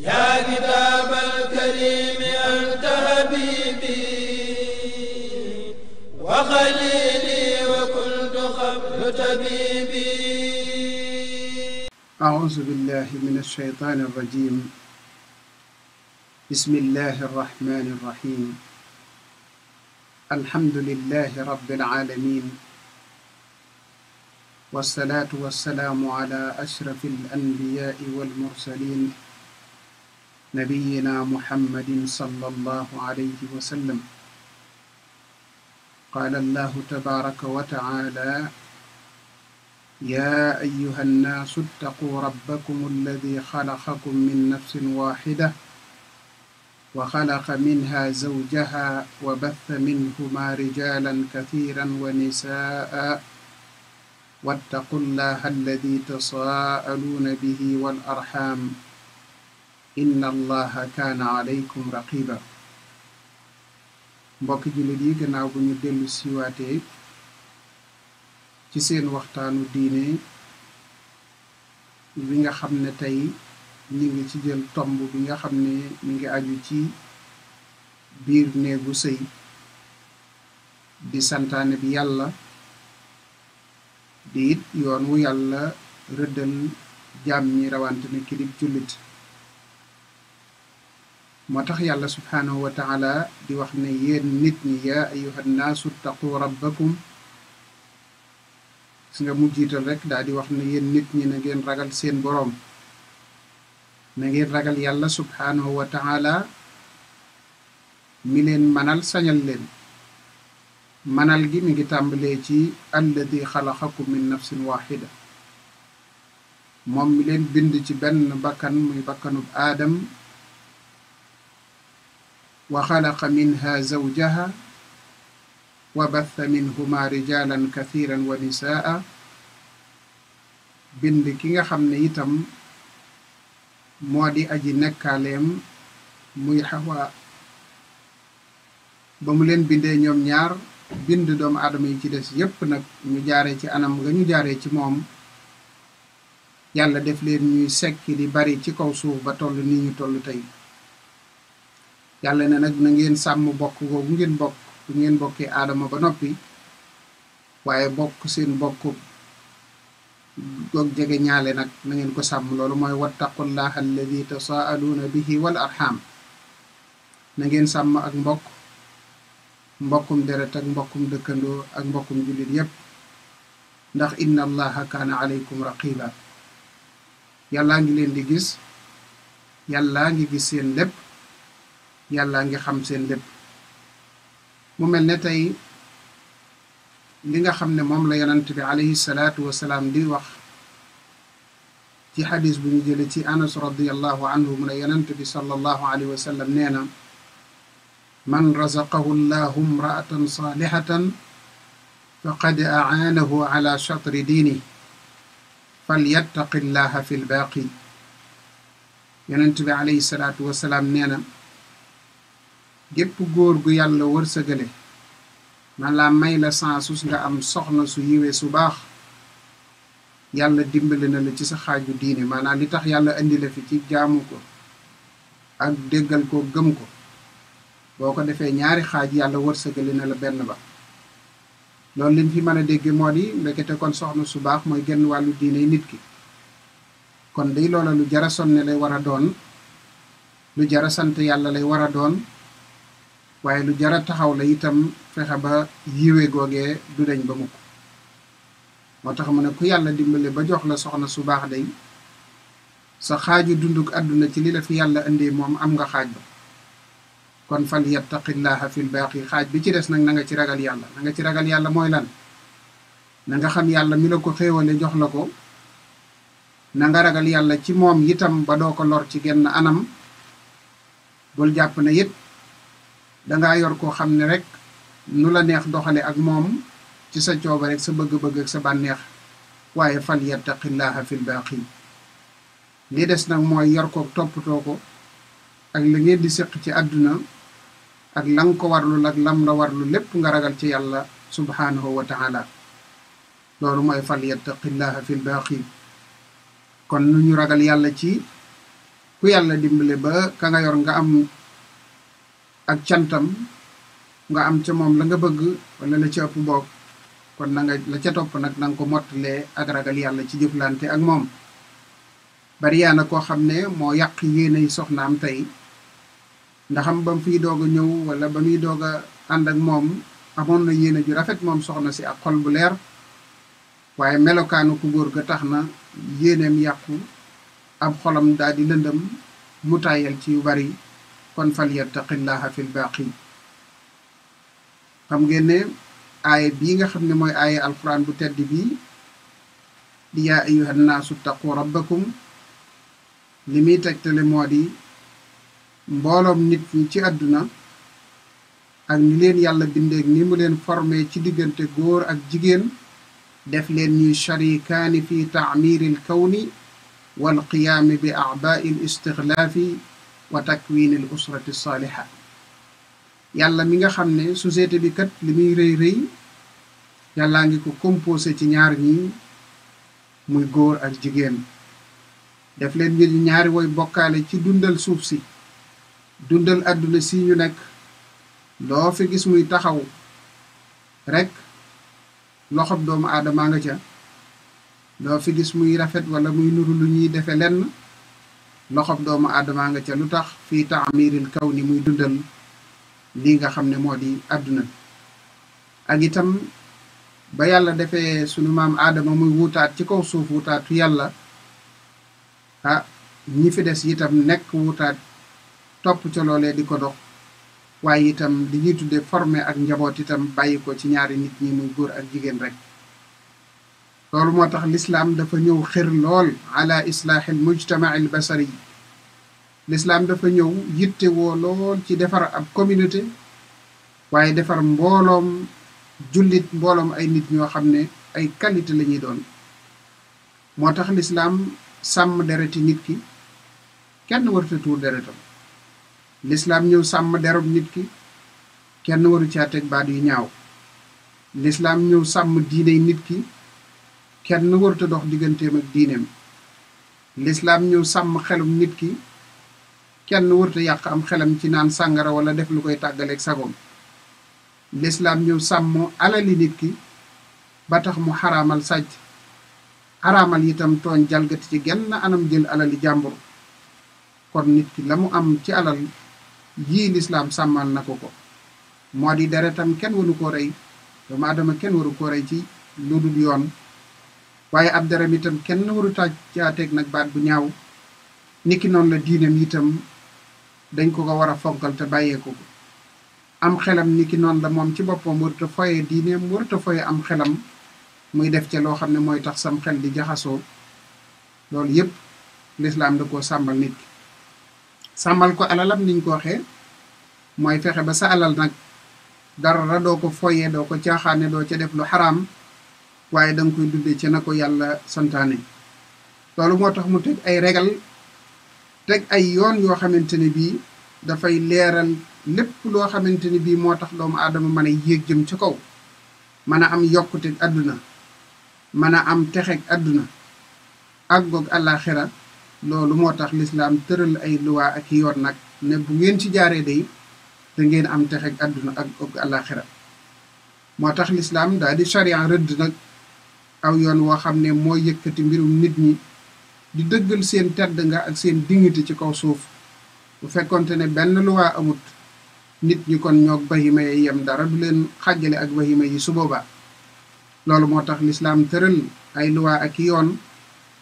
يا كتاب الكريم أنت حبيبي وخليلي وكنت قبل طبيبي أعوذ بالله من الشيطان الرجيم بسم الله الرحمن الرحيم الحمد لله رب العالمين والصلاة والسلام على أشرف الأنبياء والمرسلين نبينا محمد صلى الله عليه وسلم قال الله تبارك وتعالى يا أيها الناس اتقوا ربكم الذي خلقكم من نفس واحدة وخلق منها زوجها وبث منهما رجالا كثيرا ونساء واتقوا الله الذي تساءلون به والأرحام inna allaha kaana aleykum raqiba mbokk jullit yi gannaaw bu ñu dellu siwaatee ci seen waxtaanu diine bi nga xam ne tey ñu ngi ci jël tomb bi nga xam ne mi ngi aju ci biir néegu sëy di santaane bi yàlla diit yoon wu yàlla rëddal jaam ñi rawante ne kilib jullit moo tax yàlla subhaanahu wa taala di wax ne yéen nit ñi yaa ayuha nnaasu taqu rabbakum gis nga mu jiital rek daal di wax ne yéen nit ñi na ngeen ragal seen boroom na ngeen ragal yàlla subhaanahu wa taala mi leen manal sañal leen manal gi mi ngi tàmbalee ci alladi xalaqakum min nafsin waxida moom mi leen bind ci benn bakkan muy bakkanub aadam وخلق منها زوجها وبث منهما رجالا كثيرا ونساء bind ki nga xam ne itam moo di aji nekkaaleem muy xawa ba mu leen bindee ñoom ñaar bind doomu adama yi ci des yépp nag ñu jaaree ci anam nga ñu jaaree ci moom yàlla def leen ñuy sekki di bari ci kaw suuf ba toll ni ñu toll tey yàlla ne nag nangeen sàmm bokk googu ngeen bokk bu ngeen bokkee aadama ba noppi waaye bokk seen bokk goog jege ñaale nag na ngeen ko sàmm loolu mooy wattaqullaha alladi tasaaluuna bihi wal arham na ngeen sàmm ak mbokk mbokkum deret ak mbokkum dëkkandoo ak mbokkum jullit yépp ndax inna allaha kaana aleykum raqiba yàllaa ngi leen di gis yàllaa ngi gis seen lépp yàlla ngi xam seen lépp mu mel ne tey li nga xam ne moom la yonent bi alayhi salaatu wasalaam di wax ci xadis bu ñu jële ci anas radiallahu anhu mu ne yonent bi sallallahu alayhi wa sallam nee na man razaqahu llahu mraatan saalihatan faqad aanahu ala chatri diini falyattaqi llaha fi lbaaqi yonent bi alayhi salaatu wasalaam nee na gépp góor gu yàlla wërsëgale man la may la sansus nga am soxna su yiwee su baax yàlla dimbali na la ci sa xaaju diine maanaam li tax yàlla indi la fi ci jaamu ko ak déggal ko gëm ko boo ko defee ñaari xaaj yàlla wërsëgale na la benn ba loolu liñ fi mën a dégge moo di ndekete kon soxna su baax mooy genn wàllu diine nit ki kon day loola lu jara sonne lay war a doon lu jara sant yàlla lay war a doon waaye lu jara taxaw la itam fexe ba yiwe googee du dañ ba mukk moo tax mu ne ku yàlla dimbale ba jox la soxna su baax day sa xaaju dunduk àdduna ci li la fi yàlla indee moom am nga xaaj ba kon fal yattaqillaha fil yi xaaj bi ci des nag na nga ci ragal yàlla na nga ci ragal yàlla mooy lan na nga xam yàlla mi la ko xéewale jox la ko na nga ragal yàlla ci moom itam ba doo ko lor ci genn anam bul jàpp na yëpp dangaa yor koo xam ne rek nu la neex doxale ak moom ci sa cooba rek sa bëgg ak sa bànneex waaye fal yattaqillaha fil baaqi li des nag mooy yor ko toppatoo ko ak la ngeen di séq ci àdduna ak la ko warlul ak lam la warlu lépp nga ragal ci yàlla subhaanahu wa taala loolu mooy fal yattaqillaha fil baaqi kon nu ñu ragal yàlla ci ku yàlla dimbale ba ka nga yor nga am ak cantam nga am ca moom la nga bëgg wala la ca ëpp bokk kon na la ca topp nag na nga ko mottalee ak ragal yàlla ci jëflante ak moom bariyaa na koo xam ne moo yàq yéenay soxnaam tey ndaxam ba fi fiy doog a ñëw wala ba muy doog a ànd ak moom amoon na yéene ju rafet moom soxna si ak xol bu leer waaye melokaanu ku góor ga tax na yéeneem yàqu ab xolam daal di lëndëm mu tàyyal ci yu bari kon fal yattaqillaha fil baaqi xam ngeen ne bii nga xam ne mooy aaya alquran bu tedd bii di yaa ayuha nnaasu taqu rabbakum li muy tegtale moo di mbooloom nit ci àdduna ak ni leen yàlla bindeeg ni mu leen forme ci diggante góor ak jigéen def leen ñuy sharikaani fi taamiiril kawni wal qiyaami bi aabaail istixlaafi wa takwin al usrati saaliha yàlla mi nga xam ne société bi kat li muy rëy rëy yàllaa ngi ko composé ci ñaar ñi muy góor ak jigéen def leen ngir ñaari woy bokkaale ci dundal suuf si dundal àdduna si ñu nekk loo fi gis muy taxaw rekk loxob doomu aadamaa nga ca loo fi gis muy rafet walla muy nuru lu ñuy defe lenn loxob doomu aadamaa nga ca lu tax fii taamiril kaw ni muy dundal lii nga xam ne moo di àdduna ak itam ba yàlla defee sunu maam aadama muy wutaat ci kaw suuf wutaatu yàlla ah ñi fi des itam nekk wutaat topp ca loolee di ko dox waaye itam li ñuy tudde formé ak njaboot itam bàyyi ko ci ñaari nit ñi muy góor ak jigéen rek loolu moo tax lislaam dafa ñëw xir lool ala islaaxil mujtamaa al basari lislaam dafa ñëw yittewoo lool ci defar ab communauté waaye defar mbooloom jullit mbooloom ay nit ñoo xam ne ay qualité la ñuy doon moo tax lislaam sàmm dereti nit ki kenn warta tuur deretam lislaam ñëw sàmm derob nit ki kenn waru caa teg baat ñaaw lislaam ñëw sàmm diiney nit ki kenn warut dox digganteem ak diineem lislaam ñëw sàmm xelum nit ki kenn warut yàq am xelam ci naan sàngara wala def lu koy tàggaleeg sagoom lislaam ñëw sàmm alali nit ki ba tax mu xaraamal sàcc xaraamal itam tooñ jalgati ci genn anam jël alali jàmbur kon nit ki la mu am ci alal yii lislaam sàmmal na ko ko moo di deretam kenn waru koo rey doomu aadama kenn waru koo rey ci lu dul yoon waaye ab daram itam kenn waru tàjjaateeg nag baat bu ñaaw niki noonu la diinam itam dañ ko ko war a fonkal te bàyyeeku ko am xelam niki noon la moom ci boppam warut a foye diineem warut a am xelam muy def ca loo xam ne mooy tax sam xel di jaxasoo loolu yépp lislaam da koo sàmbal nit ki sàmmal ko alalam niñ ko waxee mooy fexe ba sa alal nag dara doo ko foyee doo ko caaxaane doo ca def lu xaraam waaye danga koy dundee ci na ko yàlla santaane loolu moo tax mu teg ay regal teg ay yoon yoo xamante ne bii dafay leeral lépp loo xamante ne bii moo tax doomu aadama mën a yéeg jëm ca kaw mën a am yokkuteg àdduna mën a am texeg àdduna ak goog àllaaxira loolu moo tax lislaam tëral ay luwaa ak yoon nag ne bu ngeen ci jaaree day ngeen am texeg àdduna ak goog àllaaxira moo tax lislaam daal di charia rëdd nag aw yoon woo xam ne mooy yëkkati mbirum nit ñi di dëggal seen tedd nga ak seen dignité ci kaw suuf bu fekkonte ne benn luwaa amut nit ñi kon ñoog bahima yi yem dara du leen xàjjale ak bahima yi su boobaa loolu moo tax lislaam tëral ay luwaa ak yoon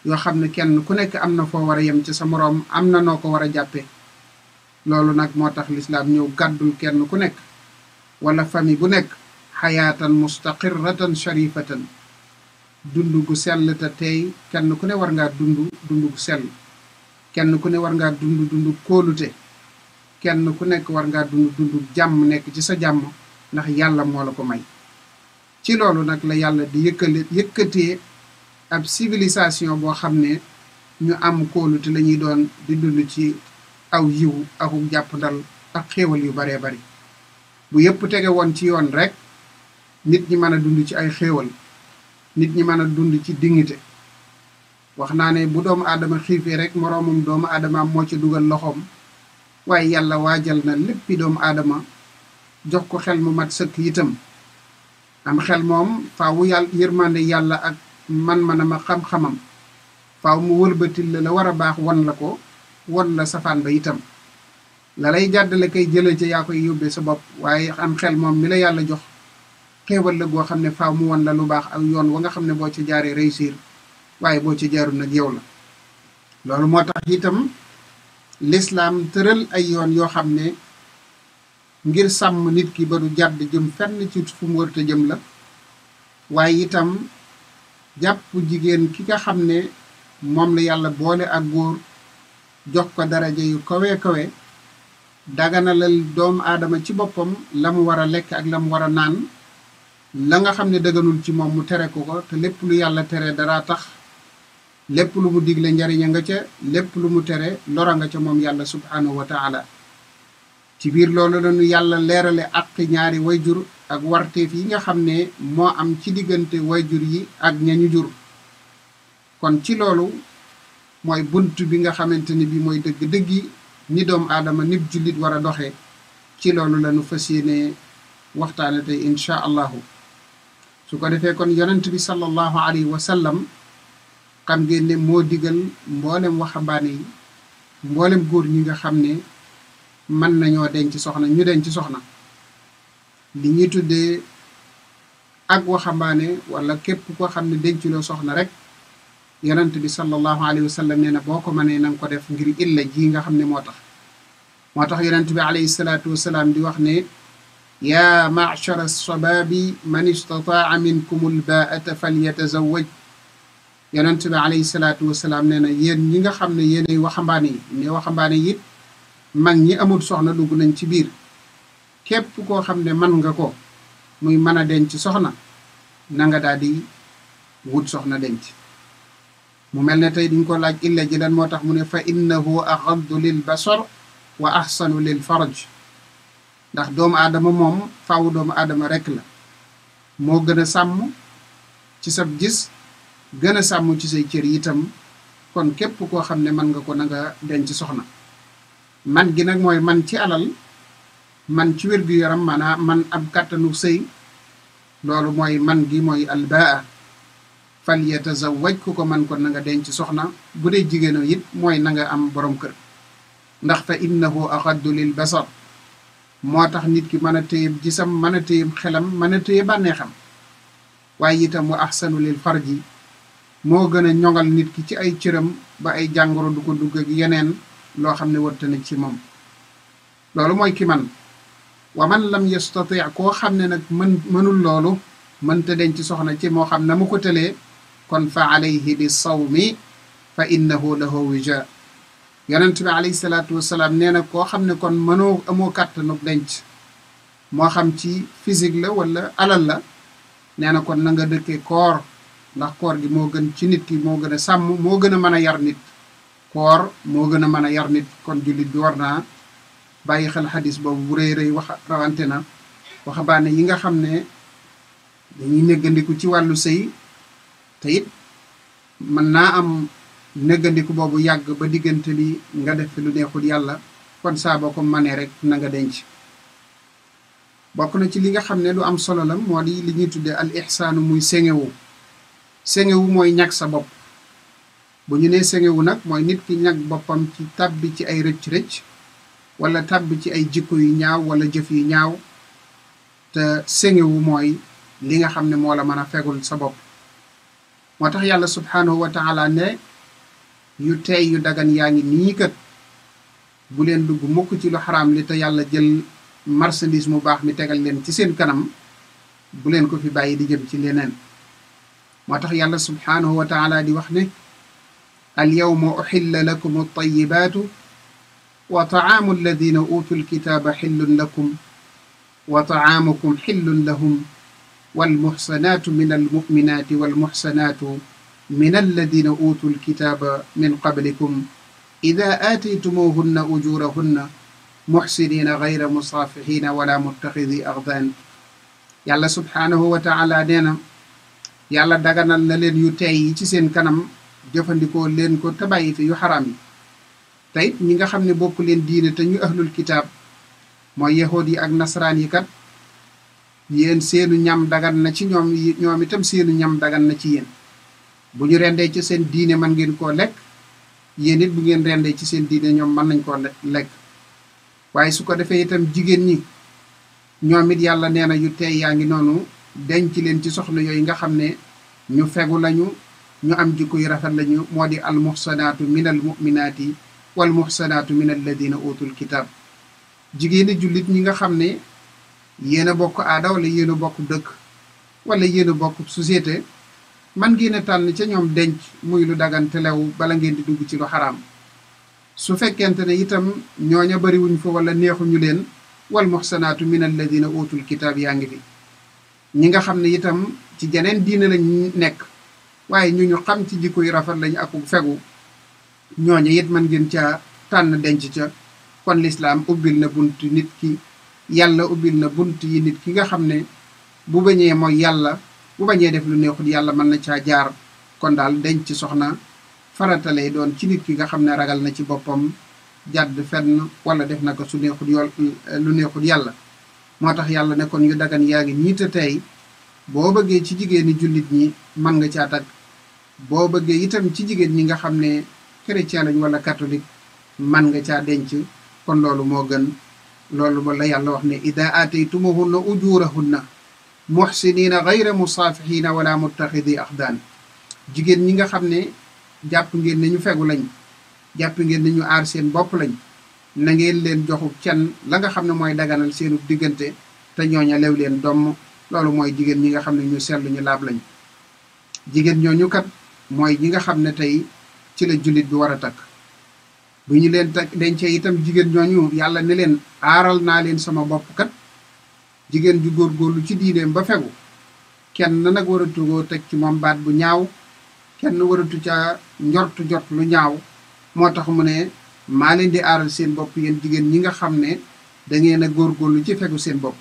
yoo xam ne kenn ku nekk am na foo war a yem ci sa moroom am na noo ko war a jàppe loolu nag moo tax lislaam ñëw gàddul kenn ku nekk wala famille bu nekk xayaatan mustaqirratan sharifatan dund gu sell te tey kenn ku ne war ngaa dund dund gu sell kenn ku ne war ngaa dund dund kóolute kenn ku nekk war ngaa dund dund jàmm nekk ci sa jàmm ndax yàlla moo la ko may ci loolu nag la yàlla di yëkkale yëkkatee ab civilisation boo xam ne ñu am kóolute la ñuy doon di dund ci aw yiw aku jàpp ndal ak xéewal yu baree bari bu yëpp tege woon ci yoon rek nit ñi mën a dund ci ay xéewal nit ñi mën a dund ci dignité wax naa ne bu doomu aadama xiifee rek moroomum doomu aadamaam moo ci dugal loxoom waaye yàlla waajal na léppi doomu aadama jox ko xel mu mat sëkk itam am xel moom faawu yàlla yërmande yàlla ak man-manam a xam-xamam faaw mu wëlbatil la la war a baax won la ko won la safaan ba itam la lay jàddale kay jëlee ci yaa koy yóbbee sa bopp waaye am xel moom mi la yàlla jox xéewal la goo xam ne faw mu won la lu baax ak yoon wa nga xam ne boo ci jaaree réussir waaye boo ci jaarul nag yow la loolu moo tax itam lislaam tëral ay yoon yoo xam ne ngir sàmm nit ki ba du jàdd jëm fenn ci fu mu wërta jëm la waaye itam jàpp jigéen ki nga xam ne moom la yàlla boole ak góor jox ko daraja yu kawe kawe daganalal doomu aadama ci boppam la mu war a lekk ak la mu war a naan la nga xam ne dëgganul ci moom mu tere ko ko te lépp lu yàlla tere daraa tax lépp lu mu digle njariña nga ca lépp lu mu tere lora nga ca moom yàlla subhaanahu wa taala ci biir loolu la lañu yàlla leerale àq ñaari wayjur ak warteef yi nga xam ne moo am ci diggante wayjur yi ak ñañu jur kon ci loolu mooy bunt bi nga xamante ni bi mooy dëgg-dëggi ni doom aadama nib jullit war a ci loolu lañu fas yéene waxtaane tey incha allahu su ko defee kon yonent bi sallallahu alayhi wa sallam xam ngeen ne moo digal mboolem waxambaane yi mboolem góor ñi nga xam ne mën nañoo denc soxna ñu denc soxna li ñuy tuddee ak waxambaane walla képp koo xam ne denculoo soxna rek yonent bi sallallahu alayhi wa sallam nee na boo ko mënee na nga ko def ngir illa ji nga xam ne moo tax moo tax yonent bi alayhi salaatu wasalaam di wax ne yaa machara sabaabi man istataa minkum albaata falyatazawaj yonent bi alayhi salaatu wasalaam nee na yéen ñi nga xam ne yéenay waxambaane yi waxambaane it mag ñi amul soxna dugg nañ ci biir képp koo xam ne man nga ko muy mën a denc soxna nanga nga daal di wut soxna denc mu mel ne tey duñ ko laaj illa ji lan moo tax mu ne fa innahu axaddu lil basar wa axsanu lil faraj ndax doomu aadama moom faaw doomu aadama rek la moo gën a sàmm ci sab gis gën a sàmm ci say cër itam kon képp koo xam ne mën nga ko nanga nga denc soxna man gi nag mooy man ci alal man ci wér gi yaram maanaa man ab kàttanu sëy loolu mooy man gi mooy albaa fal yatazawaj ku ko man kon na nga denc soxna bu dee jigéeno it mooy na nga am boroom kër ndax fa innahu axaddu lil basar moo tax nit ki mën a téyeb gisam mën a téyeb xelam mën bànneexam waaye itam wa ahsanu far ji moo gën a ñoŋal nit ki ci ay cëram ba ay jàngoro du ko dugg ak yeneen loo xam ne warta ci moom loolu mooy kii man wa man lam yastati koo xam ne nag mën mënul loolu mënta denc soxna ci moo xam na mu ko tëlee kon fa alayhi bi sawmi fa innahu lahu wija yonent bi alayhi salaatu wasalaam nee na koo xam ne kon mënoo amoo kàttanu denc moo xam ci fisik la wala alal la nee na kon nanga nga koor ndax koor gi moo gën ci nit ki moo gën a sàmm moo gën a mën a yar nit koor moo gën a mën a yar nit kon jullit bi war naa bàyyi xel xadis boobu bu rëy rëy wax rawante na waxambaane yi nga xam ne dañuy néggandiku ci wàllu sëy te mën naa am nëggandiku boobu yàgg ba diggante bi nga def lu neexul yàlla kon saaboo boo ko manee rek na nga denc bokk na ci li nga xam ne lu am solo la moo di li ñuy tuddee al ihsaanu muy sengewu sengewu mooy ñag sa bopp bu ñu nee sengewu nag mooy nit ki ñag boppam ci tàbbi ci ay rëcc-rëcc wala tàbbi ci ay jikko yu ñaaw walla jëf yu ñaaw te sengewu mooy li nga xam ne moo la mën a fegul sa bopp moo tax yàlla subhaanahu wa taala yu tey yu dagan yaa ngi nii kat bu leen dugg mukk ci lu xaraam li te yàlla jël marchandise mu baax mi tegal leen ci seen kanam bu leen ko fi bàyyi di jëm ci leneen moo tax yàlla subhaanahu wa taala di wax ne al yawma uxilla lakum altayibaatu wa taamu alladina utu alkitaaba xillun lakum wa taamukum xillun lahum walmuxsanaatu min almuminaati walmuxsanaatu من الذين أوتوا الكتاب من قبلكم إذا آتيتموهن أجورهن محسنين غير مصافحين ولا متخذي أغضان yàlla subhaanahu wa taala nee na yàlla daganal na leen yu tey yi ci seen kanam jëfandikoo leen ko tabayi yu xaram yi tey ñi nga xam ne bokk leen diine te ñu ahlul kitaab mooy yahood yi ak nasaraan yi kat yen seenu ñam dagan na ci ñoom ñoom itam seenu ñam dagan na ci yéen bu ñu rendee ci seen diine man ngeen koo lekk yéen it bu ngeen rendee ci seen diine ñoom mën nañ koo lekk waaye su ko defee itam jigéen ñi ñoom it yàlla nee na yu tey yaa ngi noonu denc leen ci soxna yooyu nga xam ne ñu fegu lañu ñu am jikko yu rafet lañu moo di al muhsanaatu min al muminaati wal muhsanaatu min alladina utul kitab jigéeni jullit ñi nga xam ne yéen a bokk aada wala yéen a bokk dëkk wala yéen a bokk société man ngeen a tànn ca ñoom denc muy lu dagan te bala ngeen di dugg ci lu xaraam su fekkente ne itam ñooña bariwuñ fa wala ñu leen wal muxsanaatu min alladina utul kitaab yaa ngi fi ñi nga xam ne itam ci jeneen diine lañ nekk waaye ñu ñu xam ci yu rafet lañ ak fegu ñooña it man geen caa tànn denc ca kon lislaam ubbil na bunt nit ki yàlla ubbil na bunt yi nit ki nga xam ne bu bañee mooy yàlla bu bañee def lu neexut yàlla mën na caa jaar kon daal denc ci soxna farata doon ci nit ki nga xam ne ragal na ci boppam jàdd fenn wala def na ko su neexut yool lu neexut yàlla moo tax yàlla ne kon yu dagan yaa ngi ñiita tey boo bëggee ci jigéeni jullit ñi mën nga caa tag boo bëggee itam ci jigéen ñi nga xam ne chrétien lañ wala catholique mën nga caa denc kon loolu moo gën loolu la yàlla wax ne ida aataytumuhunna na muxsiniina gayra musaafixiina wala muttaxidi axdaan jigéen ñi nga xam ne jàpp ngeen ne ñu fegu lañ jàpp ngeen ne ñu aar seen bopp lañ na ngeen leen joxu can la nga xam ne mooy daganal seenu diggante te ñooña lew leen domm loolu mooy jigéen ñi nga xam ne ñu seetlu ñu laab lañ jigéen ñooñu kat mooy ñi nga xam ne tey ci la jullit bi war a takk bu ñu leen takk dencee itam jigéen ñooñu yàlla ne leen aaral naa leen sama bopp kat jigéen ju góor góorlu ci diineem ba fegu kenn nag waratu koo teg ci moom baat bu ñaaw kenn waratu ca njortu jot lu ñaaw moo tax mu ne maa leen di aaral seen bopp yéen jigéen ñi nga xam ne da ngeen góor góorgóorlu ci fegu seen bopp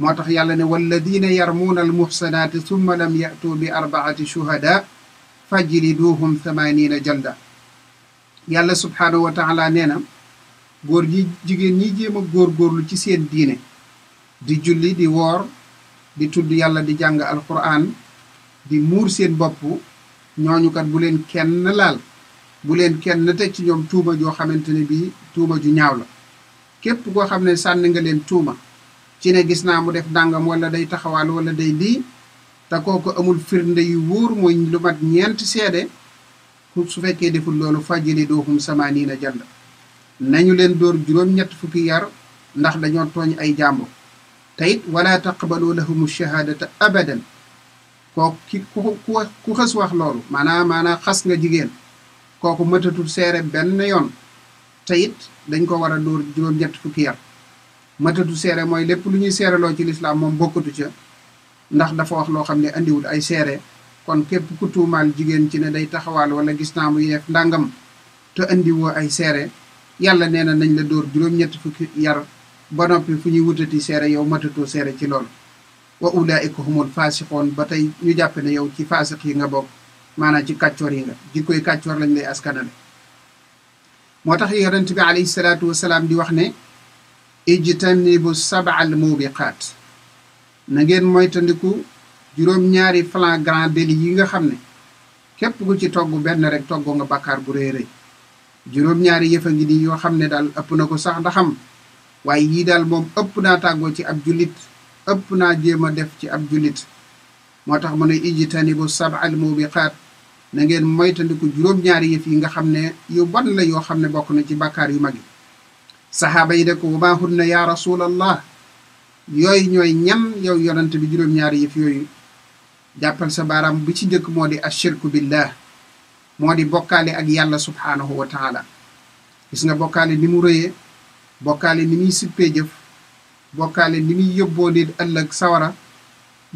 moo tax yàlla ne walladina yarmuuna al muxsanaati summa lam ya'tu bi arbaati shuhada fajliduhum thamanina jalda yàlla subhaanahu wa taala nee na góor ñi jigéen ñi jéem a góorgóorlu ci seen diine di julli di woor di tudd yàlla di jàng alquran di muur seen bopp ñooñu bu leen kenn laal bu leen kenn teg ci ñoom tuuma joo xamante ne bii tuuma ju ñaaw la képp koo xam ne sànni nga leen tuuma ci ne gis naa mu def dàngam wala day taxawaal wala day lii te kooku amul firnde yu wóor mooy lu mat ñeenti seede su fekkee deful loolu fàjj fajili doohum samaaniina janda nañu leen dóor juróom-ñett fukki yar ndax dañoo tooñ ay jàmbur te it wala taqbalu lahum shahaadata abadan kooku ki ku ku xës wax loolu maanaam maanaam xas nga jigéen kooku mëtatul seere benn yoon te it dañ ko war a dóor juróom-ñett fukki yar mëtatu seere mooy lépp lu ñuy seereloo ci lislaam moom bokkatu ca ndax dafa wax loo xam ne andiwul ay seere kon képp ku tuumaal jigéen ci ne day taxawaal wala gis naa mu yeef ndàngam te andiwoo ay seere yàlla nee na nañ la dóor juróom-ñett fukki yar ba noppi fu ñuy wutati seere yow matatoo seere ci loolu wa ulaa'ika humul faasiqoon ba tey ñu jàpp ne yow ci faasiq yi nga bokk maanaam ci kàccoor yi nga jikkoy kàccoor lañ lay askanale moo tax yonent bi alayhi salaatu wasalaam di wax ne ijtanibu sab'al mubiqaat na ngeen moytandiku juróom-ñaari flagrant délit yi nga xam ne képp ku ci togg benn rek togg nga bakkaar gu rëy rëy juróom-ñaari yëf a ngi nii yoo xam ne daal ëpp na ko sax ndaxam waaye yii daal moom ëpp naa tàggoo ci ab jullit ëpp naa jéem a def ci ab jullit moo tax mu ne ijtanibu sab'al mubiqaat na ngeen moytandiku juróom-ñaari yëf yi nga xam ne yu bon la yoo xam ne bokk na ci bàkkaar yu mag yi saxaaba yi de ko wa ma hunna ya rasulallah yooyu ñooy ñan yow yonante bi juróom-ñaari yëf yooyu jàppal sa baaraam bi ci njëkk moo di ashirku billah moo di bokkaale ak yàlla subhaanahu wa gis nga bokkaale ni mu rëyee bokkaale ni muy sippee jëf bokkaale ni muy yóbboo nit ëllëg sawara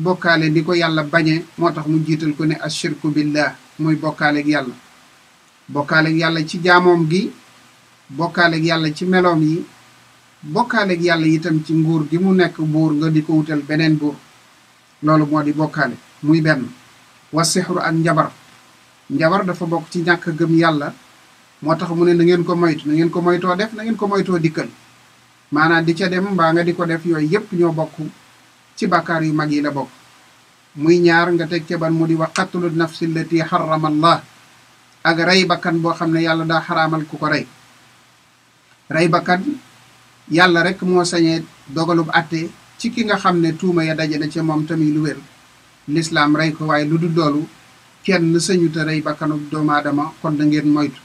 bokkaale ni ko yàlla bañee moo tax mu jiital ko ne ashirku billah mooy bokkaaleeg yàlla bokkaaleeg yàlla ci jaamoom gi bokkaaleeg yàlla ci meloom yi bokkaaleeg yàlla itam ci nguur gi mu nekk buur nga di ko wutal beneen buur loolu moo di bokkaale muy benn wasixru ak njabar njabar dafa bokk ci ñàkk gëm yàlla moo tax mu ne na ngeen ko moytu na ngeen ko moytoo def na ngeen ko moytoo dikkal maanaam di ca dem mbaa nga di ko def yooyu yépp ñoo bokk ci bàkkaar yu mag yi la bokk muy ñaar nga teg ca ban mu di wa qatlu nafsi allati harrama allah ak rey bakkan boo xam ne yàlla daa xaraamal ku ko rey rey bakkan yàlla rek moo sañee dogalub àtte ci ki nga xam ne tuuma ya daje na ca moom tamit lu wér lislaam rey ko waaye lu dul loolu kenn sañu te rey bakkanu doomu aadama kon da ngeen moytu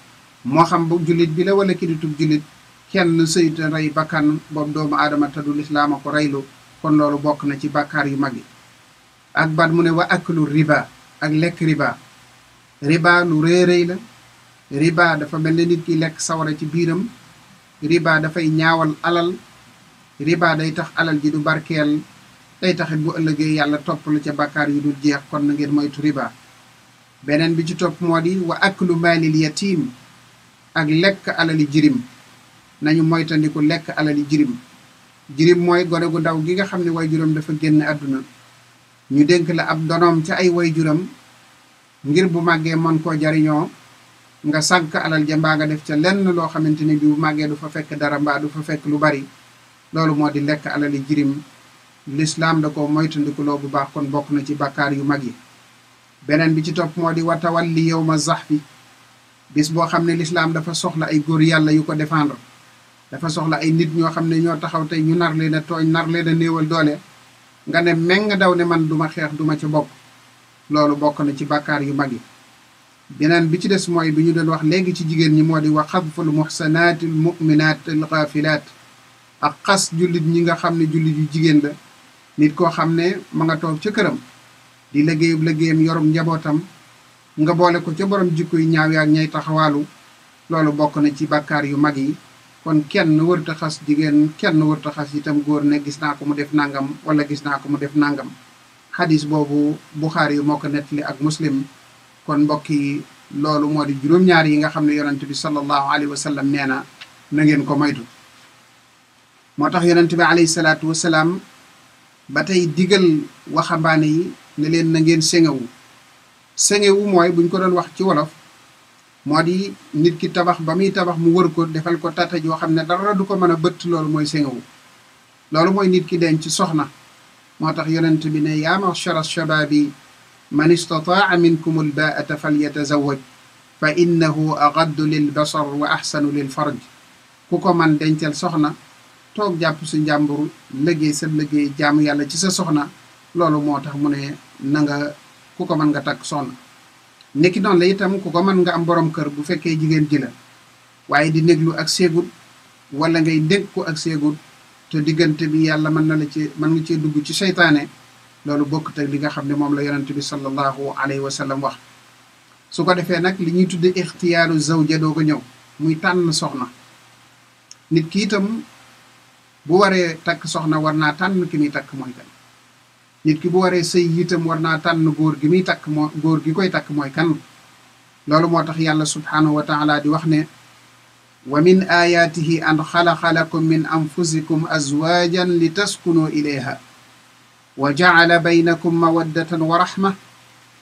moo xam bu jullit bi la wala kiditub jullit kenn sëyut rey bàkkan boobu doomu aadama te du lislaama ko reylu kon loolu bokk na ci bàkkaar yu mag yi ak ban mu ne wa aklu riba ak lekk riba riba lu rëy rëy la riba dafa mel ne nit ki lekk sawara ci biiram riba dafay ñaawal alal riba day tax alal ji du barkeel day taxit bu ëllëgee yàlla topp ca bakkaar yi dul jeex kon na ngeen moytu riba beneen bi ci topp moo di wa aklu maalil yatim ak lekk alali jirim nañu moytandiku lekk alali jirim jirim mooy gone gu ndaw gi nga xam ne juróom dafa génn àdduna ñu dénk la ab donoom ca ay way waajuram ngir bu màggee mën koo jariñoo nga sànk alal ja mbaa nga def ca lenn loo xamante ni bi bu màggee du fa fekk dara mbaa du fa fekk lu bari loolu moo di lekk alali jirim lislaam da ko moytandikuloo bu baax kon bokk na ci bàkkaar yu mag yi beneen bi ci topp moo di ma sax fi bis boo xam ne lislaam dafa soxla ay góor yàlla yu ko défendre dafa soxla ay nit ñoo xam ne ñoo taxaw tey ñu nar leen a tooñ nar leen a néewal doole nga ne meng daw ne man duma xeex duma ca bokk loolu bokk na ci bàkkaar yu mag yi beneen bi ci des mooy bi ñu doon wax léegi ci jigéen ñi moo di wax lu xadful muxsanaati l muminaat al xaafilaat ak xas jullit ñi nga xam ne jullit yu jigéen la nit koo xam ne ma nga toog ca këram di liggéeyub liggéeyam yorum njabootam nga boole ko ca borom jikko yu ñaaw yaak ñay taxawaalu loolu bokk na ci bàkkaar yu mag yi kon kenn wërta xas jigéen kenn wërta yi tam góor ne gis naa ko mu def nangam wala gis naa ko mu def nangam xadis boobu buxaari yu moo ko nettali ak muslim kon mbokk yi loolu moo di juróom-ñaar yi nga xam ne yonent bi sallallahu alayhi wa sallam nee na na ngeen ko moytu moo tax yonent bi alayhi salaatu wasalaam ba tey digal waxambaane yi ne leen na ngeen séngawu sengewu mooy buñ ko doon wax ci wolof moo di nit ki tabax ba muy tabax mu wër ko defal ko tata joo xam ne dara du ko mën a bëtt loolu mooy sengewu loolu mooy nit ki denc soxna moo tax yonent bi ne yaa machara shababi man istataa minkum albaata falyatazawaj fa innahu agaddu lil basar wa axsanu lil farj ku ko man dencal soxna toog jàpp si njàmbur liggéey sa liggéey jaamu yàlla ci sa soxna loolu moo tax mu ne na ku ko mën nga takk soxna nekki noonu la itam ku ko mën nga am boroom kër bu fekkee jigéen ji la waaye di néglu ak séegut walla ngay dégg ko ak séegut te diggante bi yàlla mën na la ci mën nga cee dugg ci seytaane loolu bokk teg li nga xam ne moom la yonent bi sallallahu alayhi wa sallam wax su ko defee nag li ñuy tudde ixtiyaaru zawja doo ko ñëw muy tànn soxna nit ki itam bu waree takk soxna war naa tànn ki muy takk mooy kan nit ki bu waree sëy itam war naa tànn góor gi muy takk moo góor koy takk mooy kan loolu moo tax yàlla subhaanahu wa taala di wax ne wa min ayaatihi an xalaqa lakum min anfusikum azwaajan li taskunu ilayha wa jacala baynakum mawaddatan wa raxma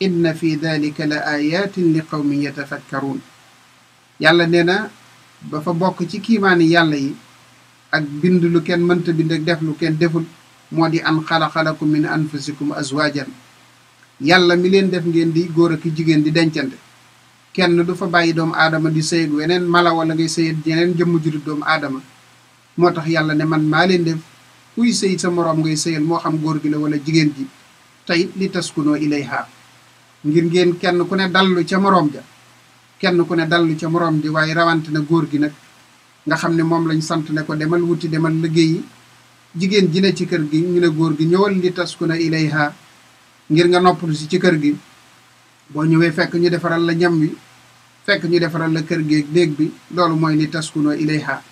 inna fi dalika la ayatin li qawmin yatafakkaruun yàlla nee na ba fa bokk ci kiimaani yàlla yi ak bind lu kenn mënta bind ak def lu kenn deful moo di an xalaxalakum min anfusikum azwajan yàlla mi leen def ngeen di góor ak jigéen di dencante kenn du fa bàyyi doomu aadama di sëyeg weneen mala wala ngay sëyeg yeneen jëmm judut doomu aadama moo tax yàlla ne man maa leen def kuy sëy sa moroom ngay sëyal moo xam góor gi la wala jigéen ji tey li taskunoo ilayha ngir ngeen kenn ku ne dallu ca moroom ja kenn ku ne dallu ca moroom ji waaye rawante na góor gi nag nga xam ne moom lañ sant ko demal wuti demal liggéeyi jigéen ji ne ci kër gi ñu ne góor gi ñëwal li taskuna ilayha ngir nga noppalu ci kër gi boo ñëwee fekk ñu defaral la ñam wi fekk ñu defaral la kër géeg néeg bi loolu mooy li taskuna ilayha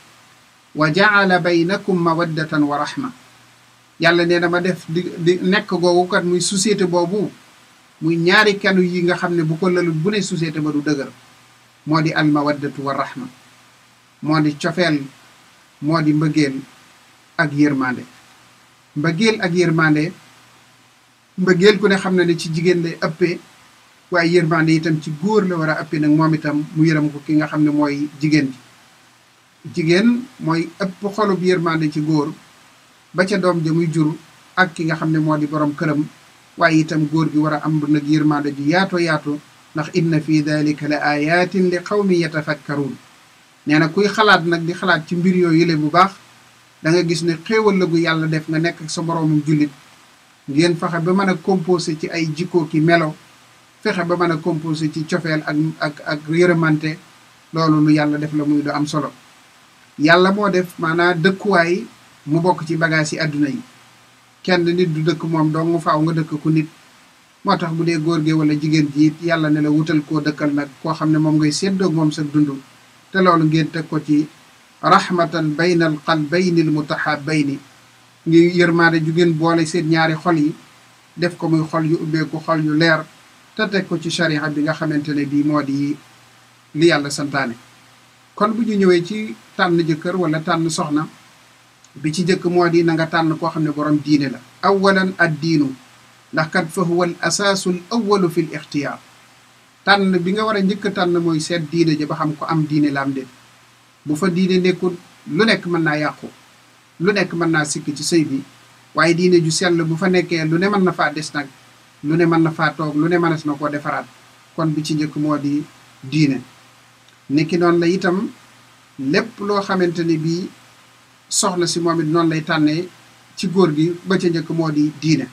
wa jaala baynakum mawaddatan wa rahma yàlla nee na ma def di di nekk googu kat muy société boobu muy ñaari kanu yi nga xam ne bu ko lalut bu ne société ba du dëgër moo di almawaddatu wa rahma moo di cofeel moo di mbëggeel ak yërmande mbëggeel ak yërmande mbëggeel ku ne xam na ne ci jigéen lay ëppee waaye yërmande yitam ci góor la war a ëppee nag moom itam mu yërëm ko ki nga xam ne mooy jigéen ji jigéen mooy ëpp xolub yërmande ci góor ba ca doom ja muy jur ak ki nga xam ne moo di borom këram waaye itam góor gi war a am nag yërmande ju yaato yaatu ndax inna fi dalika la ayatin li qawmi yatafakkaruun nee na kuy xalaat nag di xalaat ci mbir yooyu le bu baax da nga gis ne xéewal la gu yàlla def nga nekk ak sa moroomum jullit ngeen faxe ba mën a composé ci ay jikko ki melo fexe ba mën a composé ci cofeel ak ak ak yërëmante loolu lu yàlla def la muy du am solo yàlla moo def maanaam dëkkuwaay mu bokk ci bagage yi àdduna yi kenn nit du dëkk moom dong faw nga dëkk ko nit moo tax mu dee góor gi wala jigéen ji yàlla ne la wutal koo dëkkal nag koo xam ne moom ngay séddoo moom sa dund te loolu ngeen teg ko ci rahmatan bayna al qalbayni mu mutahabbayni ngir yërmaande ju ngeen boole seen ñaari xol yi def ko muy xol yu ubbeeku xol yu leer te teg ko ci shari'a bi nga xamante ne bii moo di li yàlla santaane kon bu ñu ñëwee ci tànn jëkkër wala tànn soxna bi ci jëkk moo di na tànn koo xam ne borom diine la awalan ad diinu ndax kat fa huwa al asaasu al awalu ixtiyaar tànn bi nga war a njëkk tànn mooy seet diine ja ba xam ko am diine la am déet bu fa diine nekkul lu nekk mën naa yàqu lu nekk mën naa sikk ci sëy bi waaye diine ju sell bu fa nekkee lu ne mën na faa des nag lu ne mën na faa toog lu ne mënees na koo defaraat kon bi ci njëkk moo di diine nekki noon la itam lépp loo xamante ni bii soxna si moom it noonu lay tànnee ci góor gi ba ca njëkk moo di diine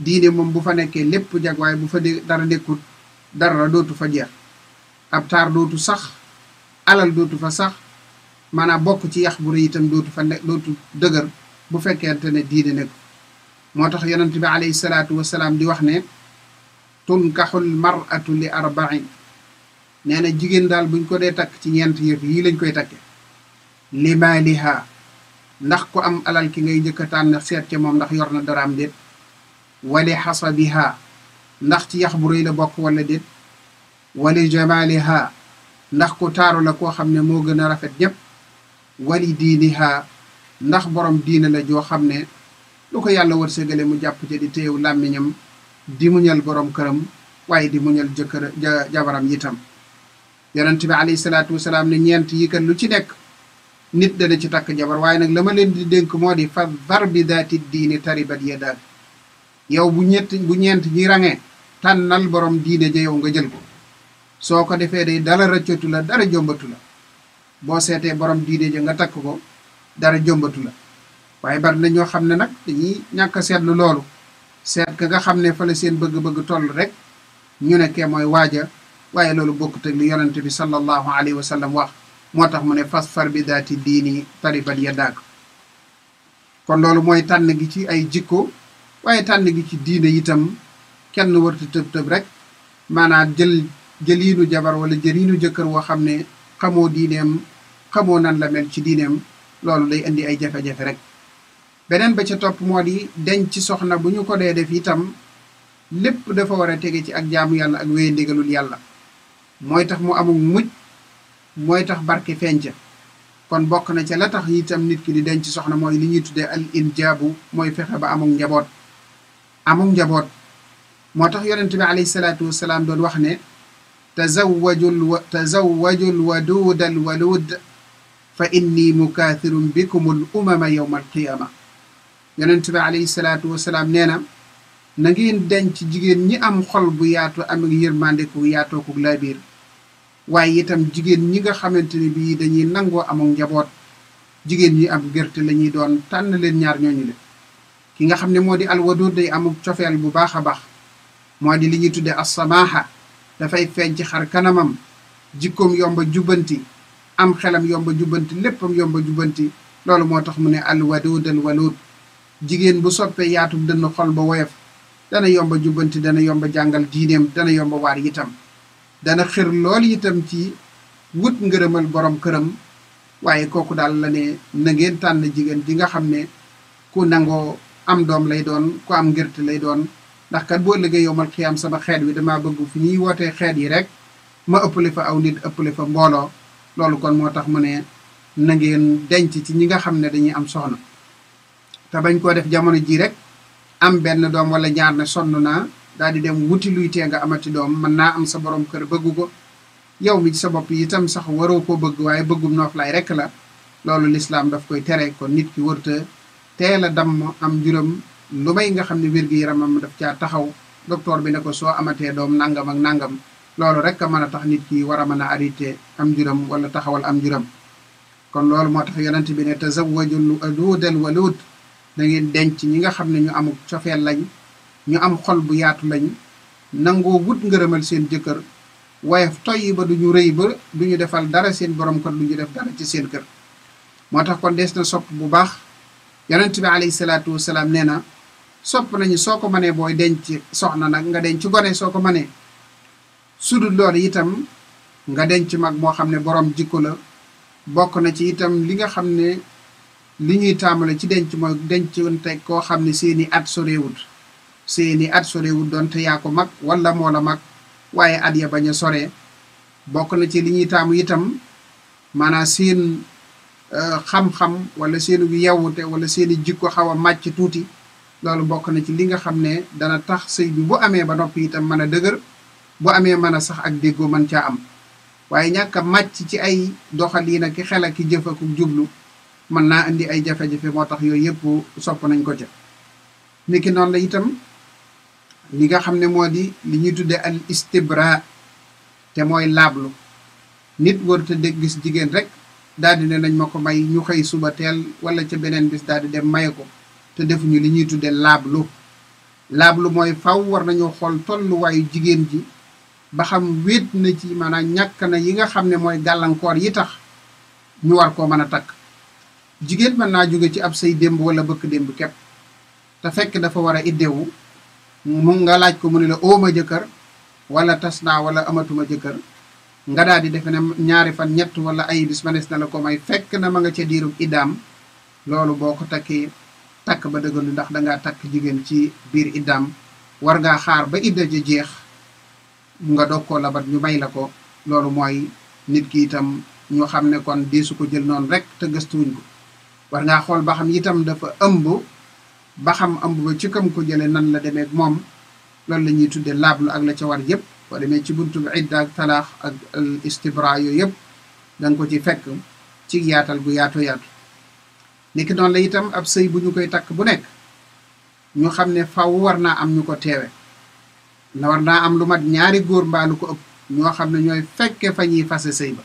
diine moom bu fa nekkee lépp jag waaye bu fa dara nekkut dara dootu fa jeex ab taar dootu sax alal dootu fa sax maanaam bokk ci yax bu rëy itam dootu fa ne dootu dëgër bu fekkente ne diine moo tax yonent bi alayhi salaatu wasalaam di wax ne tunkaxul maratu li arbain jigéen daal buñ ko dee takk ci ñeent yëf yii lañ koy takke limaaliha ndax ku am alal ki ngay njëkk a tànn seet ca moom ndax yor na daraam déet wali xasabiha ndax ci yax bu rëy la bokk walla déet wali jamaaliha ndax ku taaru la koo xam ne moo gën a rafet ñépp wali diiniha ndax borom diine la joo xam ne lu ko yàlla wërsëgale mu jàpp ci di téyew làmmiñam di muñal borom këram waaye di muñal jëkkër jabaram itam yonent bi alayhi salaatu wasalaam ne ñeent yi kan lu ci nekk nit dana ci takk jabar waaye nag la leen di dénk moo di fa var bi daati diini taribat ya daal yow bu ñett bu ñeent ñi rangee tànnal borom diine ja yow nga jël ko soo ko defee day dala rëccatu la dara jombatu la boo seetee borom diine ja nga takk ko dara jombatu la waaye bari na ñoo xam ne nag dañuy ñàkk a seetlu loolu seet ka nga xam ne fa la seen bëgg-bëgg toll rek ñu ne kee mooy waaja waaye loolu bokkut ak li yonent bi sallallahu alayhi wa sallam wax moo tax mu ne fas fasfar bi daati diini taribat ya daag kon loolu mooy tànn gi ci ay jikko waaye tànn gi ci diine itam kenn warta tëb-tëb rek maanaam jël jëliinu jabar wala jëliinu jëkkër woo xam ne xamoo diineem xamoo nan la mel ci diineem loolu lay indi ay jafe-jafe rek beneen ba ca topp moo di denc soxna bu ñu ko dee def itam lépp dafa war a tege ci ak jaamu yàlla ak wéye ndigalul yàlla mooy tax mu amul mujj mooy tax barke feeñ ca kon bokk na ca la tax itam nit ki di denc soxna mooy li ñuy tuddee al injaabu mooy fexe ba amul njaboot amul njaboot moo tax yonent bi alayhi salaatu wasalaam doon wax ne tazawwajul tazawwajul waduudal walud fa inni mukathirun bikumul umama yowma alqiyama yonent bi alayhi salaatu wasalaam nee na na ngeen denc jigéen ñi am xol bu yaatu am ak yërmandeku yaatooku laabiir waaye itam jigéen ñi nga xamante ne bii dañuy nangoo amul njaboot jigéen ñi am gerte lañuy doon tànn leen ñaar ñooñu le ki nga xam ne moo di alwadud day amuk cofeel bu baax a baax moo di li ñuy tudde assamaaha dafay feeñ ci xar kanamam jikkoom yomba jubbanti am xelam yomba jubbanti léppam yomba jubbanti loolu moo tax mu ne al wadudal walud jigéen bu soppee yaatu dënn xol ba woyof dana yomba jubbanti dana yomba jàngal diineem dana yomba waar yitam dana xër lool yitam ci wut ngërëmal borom këram waaye kooku daal la ne na ngeen tànn jigéen ji nga xam ne ku nangoo am doom lay doon ku am ngirti lay doon ndax kat boo liggéey yowmal xiyaam sama xeet wi dama bëgg fi ñuy wootee xeet yi rek ma ëppale fa aw nit ëppale fa mbooloo loolu kon moo tax mu ne na ngeen denc ci ñi nga xam ne dañuy am soxna te bañ koo def jamono jii rek am benn doom wala ñaar ne sonn naa daal di dem wuti luy tee nga amati doom mën naa am sa boroom kër bëggu ko yow mi ci sa bopp yi itam sax waroo koo bëgg waaye bëggum noof lay rek la loolu lislaam daf koy tere kon nit ki wërta te a damm am juróom lu may nga xam ne wér-gi-yaramam daf caa taxaw docteur bi ne ko soo amatee doom nangam ak nangam loolu rek a mën a tax nit kii war a mën a arrêté am njuram wala taxawal am njuram kon loolu moo tax yonent bi ne tazawwaju aluudal waluud da ngeen denc ñi nga xam ne ñu amuk cofeel lañ ñu am xol bu yaatu lañ nangoo wut ngërëmal seen jëkkër waaye toyyi ba du ñu rëy ba du ñu defal dara seen borom kër du ñu def dara ci seen kër moo tax kon des na sopp bu baax yonent bi alayhi salaatu wasalaam nee na sopp nañu soo ko mënee booy denc soxna nag nga denc gone soo ko mënee sudul loolu itam nga denc mag moo xam ne borom jikko la bokk na ci itam li nga xam ne li ñuy taamale ci denc mooy dencante koo xam ne seeni at sorewut seeni at sorewut doonte yaa ko mag wala moo la mag waaye at ya bañ a sore bokk na ci li ñuy taamu itam maanaam seen euh, xam-xam wala seenu yewwute wala seeni jikko xaw a màcc tuuti loolu bokk na ci li nga xam ne dana tax sëy bi bu amee ba nopp itam mën a dëgër bu amee mën a sax ak déggoo mën caa am waaye ñàkk a màcc ci ay doxaliin ak xel ak jëf ak jublu mën naa indi ay jafe-jafe moo tax yooyu yëpp sopp nañ ko ca niki noon la itam li nga xam ne moo di li ñuy tudde al istibra te mooy laablu nit warut a dégg gis jigéen rek daal di ne nañ ma ko may ñu xëy suba teel wala ca beneen bis daal di dem maye ko te defuñu li ñuy tudde laablu laablu mooy faw war nañoo xool tolluwaayu jigéen ji ba xam wéet na ci maanaam ñàkk na yi nga xam ne mooy gàllankoor yi tax ñu war koo mën a takk jigéen mën naa jóge ci ab say démb wala bëkk démb képp te fekk dafa war a iddewu mu nga laaj ko mu ne la ooma jëkkër wala tas naa wala amatuma jëkkër nga daal di defe ne ñaari fan ñett wala ay bis manees na la ko may fekk na ma nga cee diirub iddaam loolu boo ko takkee takk ba dëggandu ndax dangaa takk jigéen ci biir iddaam war ngaa xaar ba idda ji jeex nga doog koo labat ñu may la ko loolu mooy nit ki itam ñu xam ne kon diisu ko jël noonu rek te gëstuwuñ ko war ngaa xool ba xam itam dafa ëmb ba xam ëmb ba ci kam ko jële nan la demee moom loolu la ñuy tuddee laablu ak la ca war yëpp boo demee ci buntu bi idda ak talaax ak al istibra yooyu yëpp da ko ci fekk ci yaatal bu yaato yaatu niki noonu la itam ab sëy bu ñu koy takk bu nekk ñu xam ne faw war naa am ñu ko teewe na war naa am lu mat ñaari góor mbaa lu ko ëpp ñoo xam ne ñooy fekke fa ñuy fase sëy ba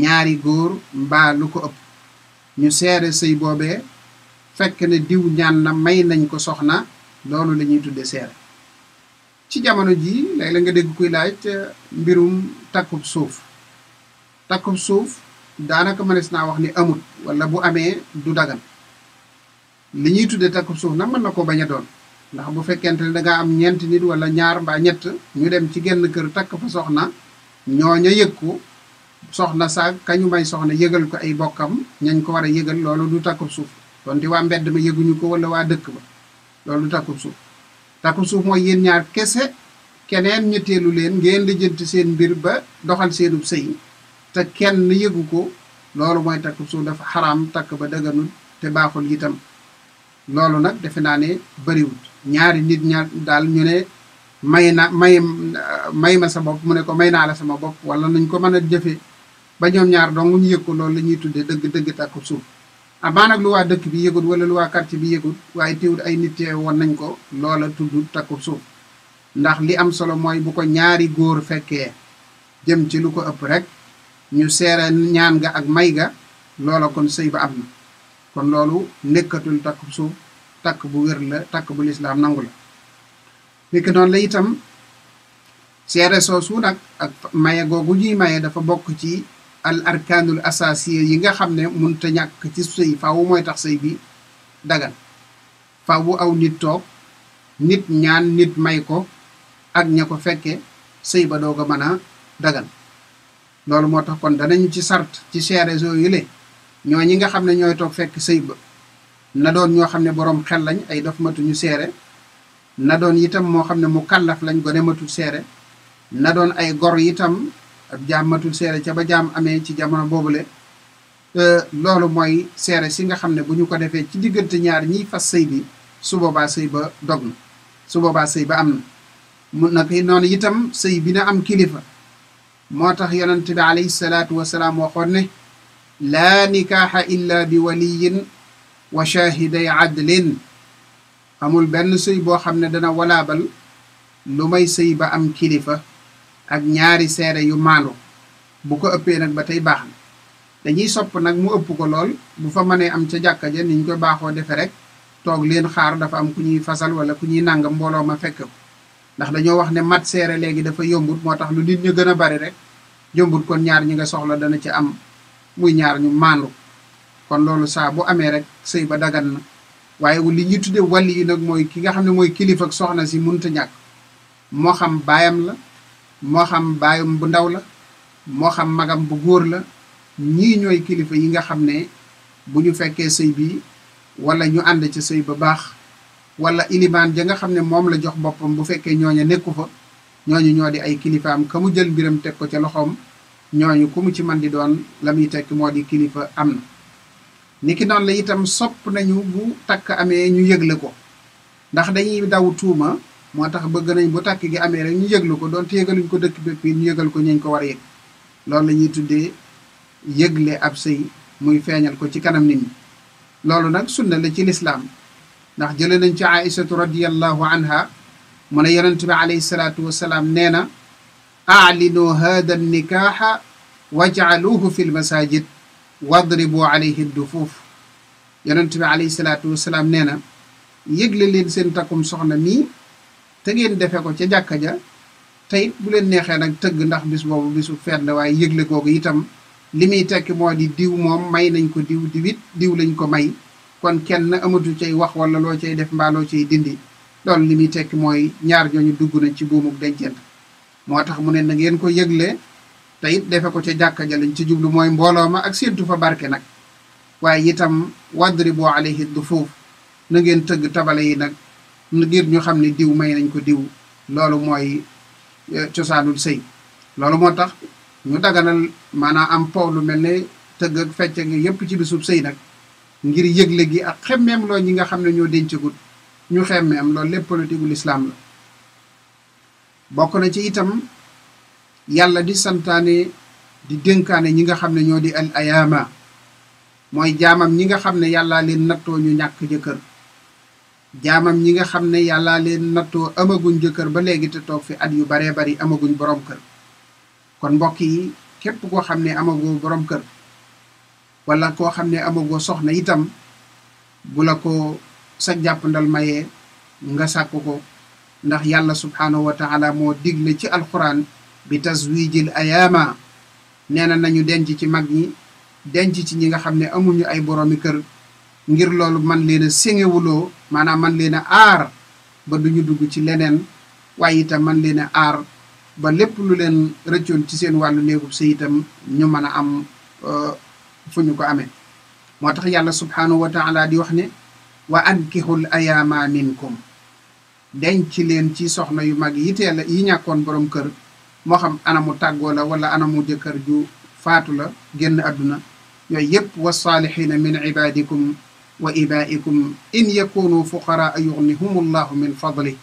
ñaari góor mbaa lu ko ëpp ñu seere sëy boobee fekk ne diw ñaan na may nañ ko soxna loolu la ñuy tudde seere ci jamono ji léeg la nga dégg kuy laaj eh, mbirum takkub suuf takkub suuf daanaka mënees naa wax ni amut wala bu amee du dagan li ñuy tudde takkub suuf na mën na ko bañ a doon ndax bu fekkente ne da am ñeenti nit wala ñaar mbaa ñett ñu dem ci genn kër takk fa soxna ñooña yëg ko soxna saa kañu may soxna yëgal ko ay bokkam ñañ ko war a yëgal loolu du takkub suuf donte waa mbedd ma yëguñu ko wala waa dëkk ba loolu du takkub suuf takkub suuf mooy yéen ñaar kese keneen ñetteelu leen ngeen di lijjanti seen mbir ba doxal seenub sëy te kenn yëgu ko loolu mooy takkub suuf dafa xaram takk ba dëgganul te baaxul itam loolu nag defe naa ne bëriwut ñaari nit ñaar daal ñu ne may na may may ma sa bopp mu ne ko may naa la sama bopp wala nuñ ko mën a jëfee ba ñoom ñaar dong ñu yëg ko loolu la ñuy tuddee dëgg dëgg tàkku suuf amaa lu waa dëkk bi yëgut wala lu waa quartier bi yëgut waaye teewut ay nit teew woon nañ ko loola tudd takku suuf ndax li am solo mooy bu ko ñaari góor fekkee jëm ci lu ko ëpp rek ñu seere ñaan ga ak may ga loola kon sëy ba am na kon loolu nekkatul takk suuf takk bu wér la takk bu lislaam nangu la nekk la itam seere soosu nag ak maye googu ñuy maye dafa bokk ci al arkaanul asaasiya yi nga xam ne munta ñàkk ci sëy faaw mooy tax sëy bi dagan faaw aw nit toog nit ñaan nit may ko ak ña ko fekke sëy ba doog a mën a dagan loolu moo tax kon danañu ci sart ci seere soo ñoo ñi nga xam ne ñooy toog fekk sëy ba na doon ñoo xam ne boroom xel lañ ay dof matuñu seere na doon yitam moo xam ne mu kàllaf lañ gone matul seere na doon ay gor itam ab jaam matul seere ca jaam amee ci jamono boobu boobule euh, loolu mooy seere si nga xam ne bu ñu ko defee ci diggante ñaar ñiy fas sëy bi su boobaa sëy ba dog na su boobaa sëy ba am na mu nag itam sëy bi na am kilifa moo tax yonent bi alayhi salaatu wasalaam waxoon ne laa nikaaxa illa bi waliyin wa shaahiday adlin amul benn sëy boo xam ne dana walaabal lu may sëy ba am kilifa ak ñaari seere yu maandu bu ko ëppee nag ba tey baax na dañuy sopp nag mu ëpp ko lool bu fa mënee am ca jàkka ja niñ ko baaxoo defe rek toog leen xaar dafa am ku ñuy fasal wala ku ñuy nàngam mbooloo ma fekk ndax dañoo wax ne mat seere léegi dafa yombut moo tax lu nit ñu gën a bari rek yombut kon ñaar ñi nga soxla dana ci am muy ñaar ñu maandu kon loolu saa bu amee rek sëy ba dagan na waaye li ñuy tuddee wàll yi nag mooy ki nga xam ne mooy kilifa soxna si mënut a ñàkk moo xam baayam la moo xam baayam bu ndaw la moo xam magam bu góor la ñii ñooy kilifa yi nga xam ne bu ñu fekkee sëy bi wala ñu ànd ci sëy ba baax walla ilimaan ja nga xam ne moom la jox boppam bu fekkee ñooña nekku fa ñooñu ñoo di ay kilifaam ka mu jël mbiram teg ko ca loxoom ñooñu ku mu ci man di doon la muy tekki moo di kilifa am na ki noonu la itam sopp nañu bu takk amee ñu yëgle ko ndax dañuy daw tuuma moo tax bëgg nañ bu takk gi amee rek ñu yëglu ko doon te yëgaluñ ko dëkk bépp ñu yëgal ko ñañ ko war a yëg loolu lañuy tuddee yëgle ab sëy muy feeñal ko ci kanam nit ñi loolu nag sunna la ci lislaam ndax jële nañ ci aïsatu radiallahu anha mu ne yonent bi alayhi salaatu nee na aclinuu hada annikaaxa wajcaluuhu fi lmasajid wadribuu alayhi dufuuf yonent bi alayhi salaatu wasalaam nee na yëgle leen seen takkum soxna mii te ngeen defe ko ca jàkka ja tey bu leen neexee nag tëgg ndax bis boobu bisu feet na waaye yëgle googu itam li muy tekki moo di diw moom may nañ ko diw diwit diw lañ ko may kon kenn amatu cay wax wala loo cay def mbaa loo cay dindi loolu li muy tekki mooy ñaar ñooñu dugg na ci buumuk dencent moo tax mu ne na ngeen ko yëgle te it defe ko ca jàkka ja lañ ci jublu mooy mbooloo ma ak séentu fa barke nag waaye itam wadribu alayhi dufuuf na ngeen tëgg tabale yi nag ngir ñu xam ne diw may nañ ko diw loolu mooy e, cosaanul sëy loolu moo tax ñu daganal maanaam am po lu mel ne tëgg ak fecc ak yépp ci bisub sëy nag ngir yëgle gi ak xemmeem loo ñi nga xam ne ñoo dencagut ñu xemmeem loolu lépp politique gu lislaam la bokk na ci itam yàlla di santaane di dénkaane ñi nga xam ne ñoo di al ayaama mooy jaamam ñi nga xam ne yàlla leen nattoo ñu ñàkk jëkkër jaamam ñi nga xam ne yàllaa leen nattoo amaguñ jëkkër ba léegi te toog fi at yu baree bari amaguñ borom kër kon mbokk yi képp koo xam ne amagoo borom kër wala koo xam ne amagoo soxna itam bu la ko sa jàppandal mayee nga sàkk ko ndax yàlla subhaanahu wa taala moo digle ci alquran bi tas taswijil ayaama nee na nañu denc ci mag ñi denc ci ñi nga xam ne amuñu ay boroomi kër ngir loolu man leen a séngewuloo maanaam man leen a aar ba duñu dugg ci leneen waaye itam man leen a aar ba lépp lu leen rëccoon ci seen wàllu néegub sa itam ñu mën a am euh, fu ñu ko amee moo tax yàlla subhaanahu wa di wax ne wa ankihul ayaama minkum denc leen ci soxna yu mag yi teel yi ñàkkoon boroom kër moo xam anamu tàggoo la wala anamu jëkkër ju faatu la génn àdduna yooyu yépp wasaalixiina min ibaadikum wa ibaa'ikum in yakunu fuqaraa yugnihum allahu min fadli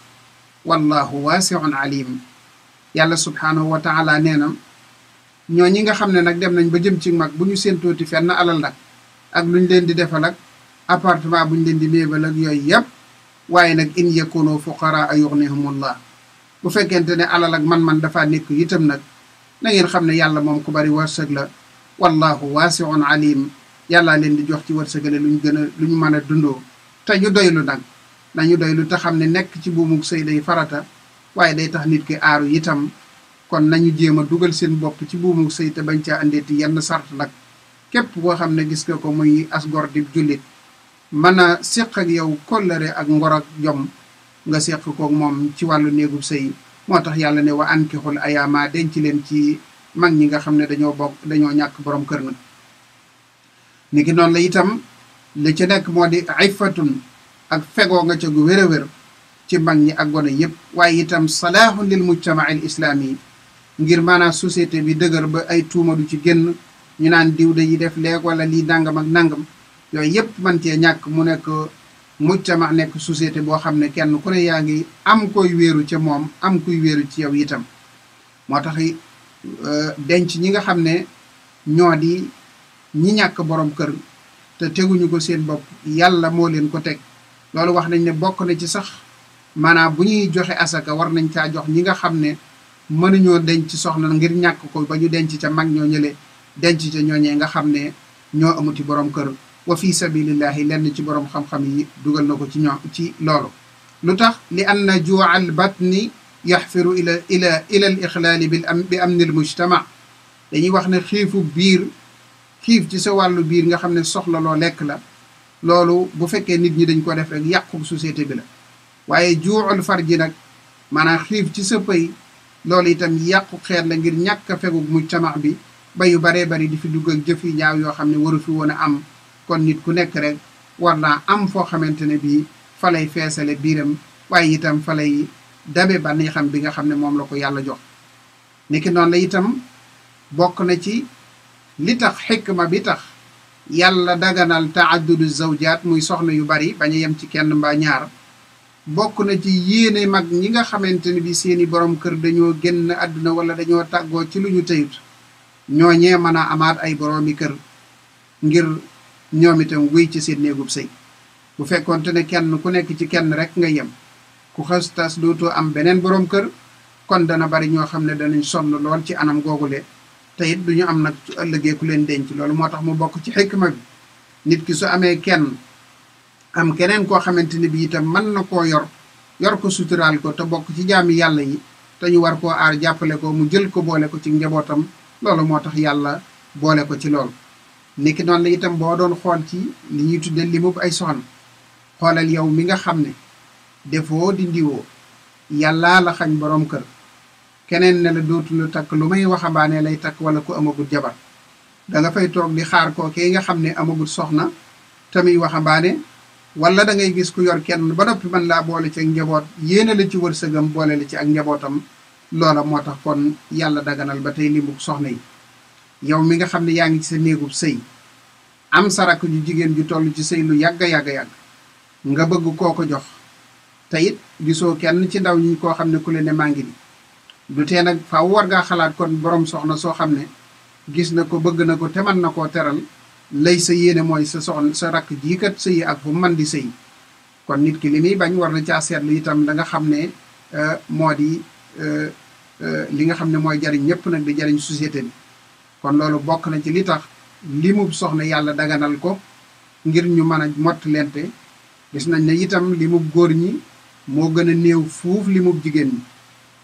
wallahu waasiun alim yàlla subhaanahu wa taala nee na ñoo ñi nga xam ne nag dem nañ ba jëm ci mag bu ñu seen tooti fenn alal nag ak lu ñu leen di defal ak appartement bu ñu leen di méebal yooyu yépp waaye nag in yakunu fuqaraa yughnihumullah bu fekkente ne alal ak man-man dafaa nekk itam nag na ngeen xam ne yàlla moom ku bari wërsëg la wallahu waasiun alim yàllaa leen di jox ci wërsëgale luñ gën a lu ñu mën a dundoo te ñu doylu nag nañu doylu te xam ne nekk ci buumug sëy day farata waaye day tax nit ki aaru itam kon nañu jéem a dugal seen bopp ci buumug sëy te bañ caa andeeti yenn sart nag képp koo xam ne gis nga ko muy as gor di jullit mana na séq ak yow kóllëre ak ngor ak nga séq kook moom ci wàllu néegub sëy moo tax yàlla ne wa ankixul ayaama denc leen ci mag ñi nga xam ne dañoo bokk dañoo ñàkk boroom kër nag ni ki la itam li ci nekk moo di iffatun ak fegoo nga ca gu wér a wér ci mag ñi ak gone yépp waaye itam salaahun lil mujtama al yi ngir maanaam société bi dëgër ba ay tuuma du ci génn ñu naan diw dañuy def leeg wala lii nangam ak nangam yooyu yëpp man cee ñàkk mu nekk mujtama nekk société boo xam ne kenn ku ne yaa ngi am koy wéeru ca moom am kuy wéeru ci yow itam moo tax eh, denc ñi nga xam ne ñoo di ñi ñàkk borom kër te teguñu ko seen bopp yàlla moo leen ko teg loolu wax nañ ne bokk na ci sax maanaam bu ñuy joxe asaka war nañ caa jox ñi nga xam ne mënuñoo denc soxna ngir ñàkk ko ba ñu denc ca mag ñoo ñële denc ca ñooñee nga xam ne ñoo amuti borom kër wa fi sabilillahi lenn ci boroom xam-xam yi dugal na ko ci ñoom ci loolu lu tax li anna jua al batni yaxfiru ila ila ila al ixlaali bi am bi amnil mujtama dañuy wax ne xiifu biir xiif ci sa wàllu biir nga xam ne soxla loo lekk la loolu bu fekkee nit ñi dañ ko def rek yàqu société bi la waaye juuxul farji nag maanaam xiif ci sa pëy loolu yitam yàqu xeet la ngir ñàkk a fegu mujtama bi ba yu baree bari di fi dugg ak jëf yu ñaaw yoo xam ne waru fi woon a am kon nit ku nekk rek war naa am foo xamante ne bii fa lay feesale biiram waaye itam fa lay dabe xam bi nga xam ne moom la ko yàlla jox niki noonu la itam bokk na ci li tax ma bi tax yàlla daganal taaddudu zawjaat muy soxna yu bari bañ a yem ci kenn mbaa ñaar bokk na ci yéene mag ñi nga xamante ne bi seeni borom kër dañoo génn àdduna wala dañoo tàggoo ci lu ñu tëyut ñooñee mën a amaat ay boroomi kër ngir ñoom itam wéy ci seen néegub sëy bu fekkoonte ne kenn ku nekk ci kenn rek nga yem ku xas tas dootoo am beneen boroom kër kon dana bari ñoo xam ne danañ sonn lool ci anam googule te it duñu am nag ëllëgee ku leen denc loolu moo tax mu bokk ci xikma bi nit ki su amee kenn am keneen koo xamante ni bi itam mën na koo yor yor ko suturaal ko te bokk ci jaami yàlla yi te ñu war koo aar jàppale ko mu jël ko boole ko ci njabootam loolu moo tax yàlla boole ko ci loolu nekki noonu la itam boo doon xool ci li ñuy tudde limub ay soxna xoolal yow mi nga xam ne defoo di ndiwoo yàlla la xañ boroom kër keneen ne la dootu la takk lu may waxambaane lay takk wala ku amagul jabar da nga fay toog di xaar koo yi nga xam ne amagul soxna tamuy waxambaane walla dangay gis ku yor kenn ba noppi mën laa boole ci ak njaboot yéene la ci wërsëgam boole la ci ak njabootam loola moo tax kon yàlla daganal ba tey limu soxna yi yow mi nga xam ne yaa ngi ci sa néegub sëy am sa saraka ju jigéen ju toll ci sëy lu yàgg yàgg yàgg nga bëgg koo ko jox te it gisoo kenn ci ndaw ñi koo xam ne ku le ne maa ngi ni du tee nag faaw war gaa xalaat kon borom soxna soo xam ne gis na ko bëgg na ko te mën na koo teral lay sa yéene mooy sa soxna sa rakk jii kat sëyi ak fu man di sëyi kon nit ki li muy bañ war na caa seetlu itam da nga xam ne euh, moo di euh, euh, li nga xam ne mooy jariñ ñëpp nag di jariñ société bi kon loolu bokk na ci li tax limub soxna yàlla daganal ko ngir ñu mën a mott lente gis nañ ne itam limub góor ñi moo gën a néew fuuf mu jigéen ñi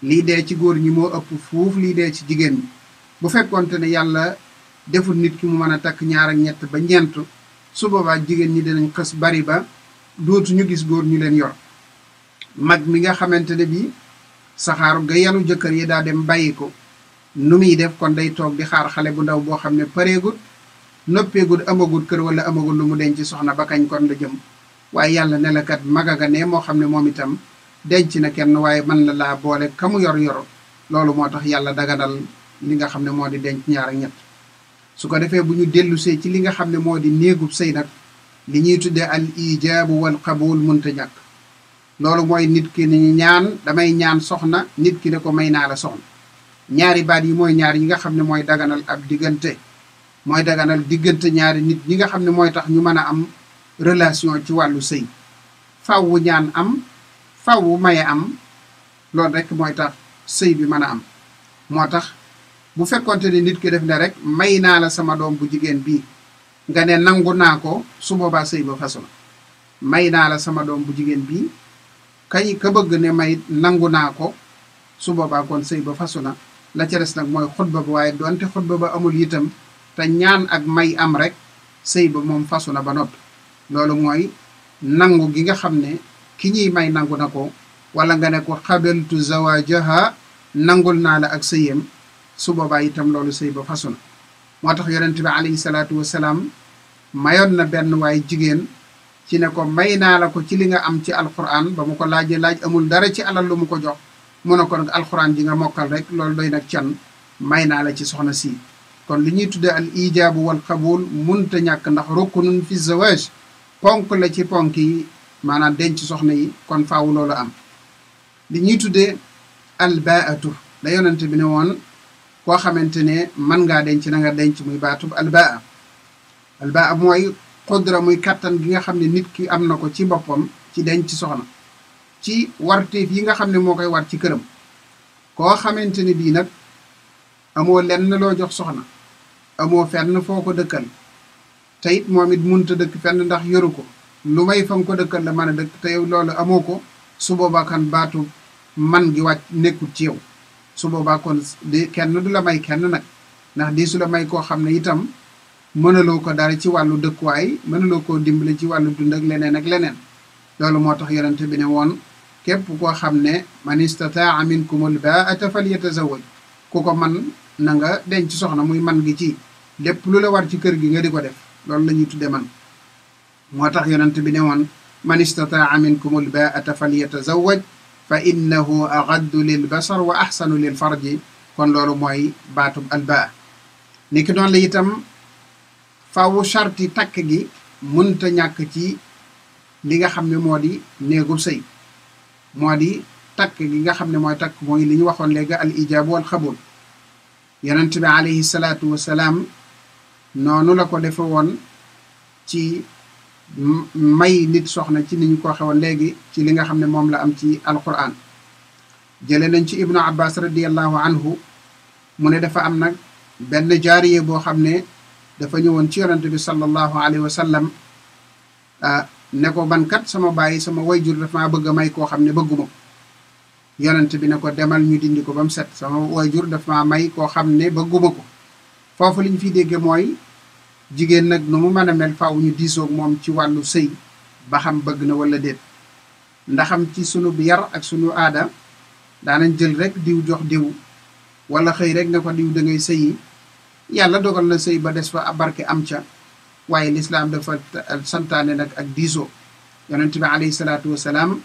lii dee ci góor ñi moo ëpp fuuf lii dee ci jigéen ñi bu fekkonte ne yàlla deful nit ki mu mën a takk ñaar ak ñett ba ñeent su boobaa jigéen ñi dinañ xës bari ba dootu ñu gis góor ñu leen yor mag mi nga xamante ne bi saxaaru ga yanu jëkkër yi daa dem bàyyi ko nu muy def kon day toog di xaar xale bu ndaw boo xam ne pareegut noppeegut amagut kër wala amagut lu mu denc soxna ba kañ kon la jëm waaye yàlla ne la mag aga moo xam ne moom itam denc na kenn waaye man la laa boole kamu mu yor yor loolu moo tax yàlla daganal li nga xam ne moo di denc ñaar ak ñett su ko defee bu ñu dellusee ci li nga xam ne moo di néegub sëy nag li ñuy tuddee al ijaabu wal qabul mënta ñàkk loolu mooy nit ki ni ñaan damay ñaan soxna nit ki ne ko may naa la ñaari baat yi mooy ñaar yi nga xam ne mooy daganal ab diggante mooy daganal diggante ñaari nit ñi nga xam ne mooy tax ñu mën a am relation ci wàllu sëy fawwu ñaan am fawwu maye am loolu rek mooy tax sëy bi mën a am moo tax bu fekkonte ne nit ki def na rek may naa la sama doom bu jigéen bii nga ne nangu naa ko su boobaa sëy ba na may naa la sama doom bu jigéen bii kañ ka ne may nangu naa ko su boobaa kon sëy ba fasu na la ca nag mooy xutba ba waaye donte xutba ba amul itam te ñaan ak may am rek sëy ba moom fasu na ba noppi loolu mooy nangu gi nga xam ne ki ñuy may nangu na ko wala nga ne ko xabaltu zawaajaha nangul naa la ak sëyam su boobaa itam loolu sëy ba fasu na moo tax yonent bi alayhi salaatu wasalaam mayoon na benn waay jigéen ci ne ko may naa la ko ci li nga am ci alquran ba mu ko laajee laaj amul dara ci alal lu mu ko jox mu ne ko nag alxuraan ji nga mokkal rek loolu doy nag can may naa la ci soxna si kon li ñuy tuddee al ijaabu wal qabul munta ñàkk ndax rukunun fi zawaj ponk la ci ponk yi maanaam denc soxna yi kon faaw loolu am li ñuy tuddee al atu da yonente bi ne woon koo xamante ne mën ngaa denc nanga denc muy baatub al baa al baa mooy xudra muy kattan gi nga xam ne nit ki am na ko ci boppam ci denc soxna ci warteef yi nga xam ne moo koy war ci këram koo xamante ni bii nag amoo lenn loo jox soxna amoo fenn foo ko dëkkal te moom it munta dëkk fenn ndax yoru ko lu may fam ko dëkkal la mën a dëkk te yow amoo ko su boobaa baatu man gi wàcc nekkul ci yow su boobaa kon di kenn du la may kenn nag ndax di su la may koo xam ne itam mënaloo ko dara ci wàllu dëkkuwaay mënaloo koo dimbali ci wàllu dund ak leneen ak leneen loolu moo tax yonente bi ne woon képp koo xam ne man istataa minkumul baata falyatazawaj ku ko man na nga denc soxna muy man gi ci lépp lu la war ci kër gi nga di ko def loolu lañuy ñuy man moo tax yonent bi ne woon man istataa minkumul baata falyatazawaj fa innahu agaddu lil basar wa axsanu lil farji kon loolu mooy baatub albaa ni ki doon la fawu charti takk gi munta ñàkk ci li nga xam ne moo di néegub sëy moo di takk gi nga xam ne mooy takk mooy li ñu waxoon léegi al ijaab wal xabul yonent bi alayhi salaatu wasalaam noonu la ko defe woon ci may nit soxna ci ni ñu ko waxe woon léegi ci li nga xam ne moom la am ci alquran jële nañ ci ibnu abbas radiallahu anhu mu ne dafa am nag benn jaariye boo xam ne dafa ñëwoon ci yonent bi sallallahu alayhi wa ah, ne ko man kat sama bàyyi sama jur dafa maa bëgg a may koo xam ne bëgguma ko yonent bi ne ko demal ñu dindi ko ba mu set sama jur dafa maa may koo xam ne bëgguma ko foofu li ñu fiy déggee mooy jigéen nag nu mu mën a mel faaw ñu diisoog moom ci wàllu sëy ba xam bëgg na wala déet ndaxam ci sunu yar ak sunu aada daanañ jël rek diw jox diw walla xëy rek ne ko diw da ngay sëyi yàlla dogal na sëy ba des fa barke am ca waaye lislaam dafa santaane nag ak diisoo yonent bi alayhi salaatu wasalaam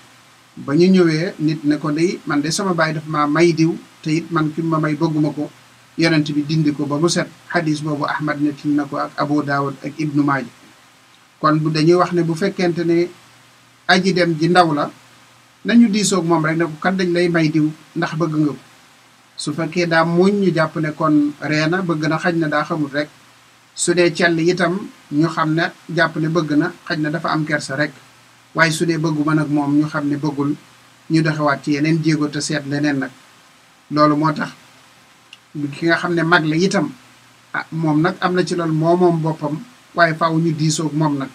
ba ñu ñëwee nit ne ko day man de sama baay dafa ma may diw te it man ki ma may bëgguma ko yonent bi dindi ko ba mu set xadis boobu ahmad netti na ko ak abu daawud ak ibnu maaja kon bu dañuy wax ne bu fekkente ne aji dem ji ndaw la nañu diisoog moom rek ne ko kat dañ lay may diw ndax bëgg nga ko su fekkee daa muñ ñu jàpp ne kon reena bëgg na xaj na daa xamul rek su dee cell itam ñu xam ne jàpp ne bëgg na xaj na dafa am kersa rek waaye su dee bëgguma nag moom ñu xam ne bëggul ñu doxewaat ci yeneen jéego te seet leneen nag loolu moo tax ki nga xam ne mag la itam ah moom nag am na ci loolu moo moom boppam waaye faaw ñu diisoog moom nag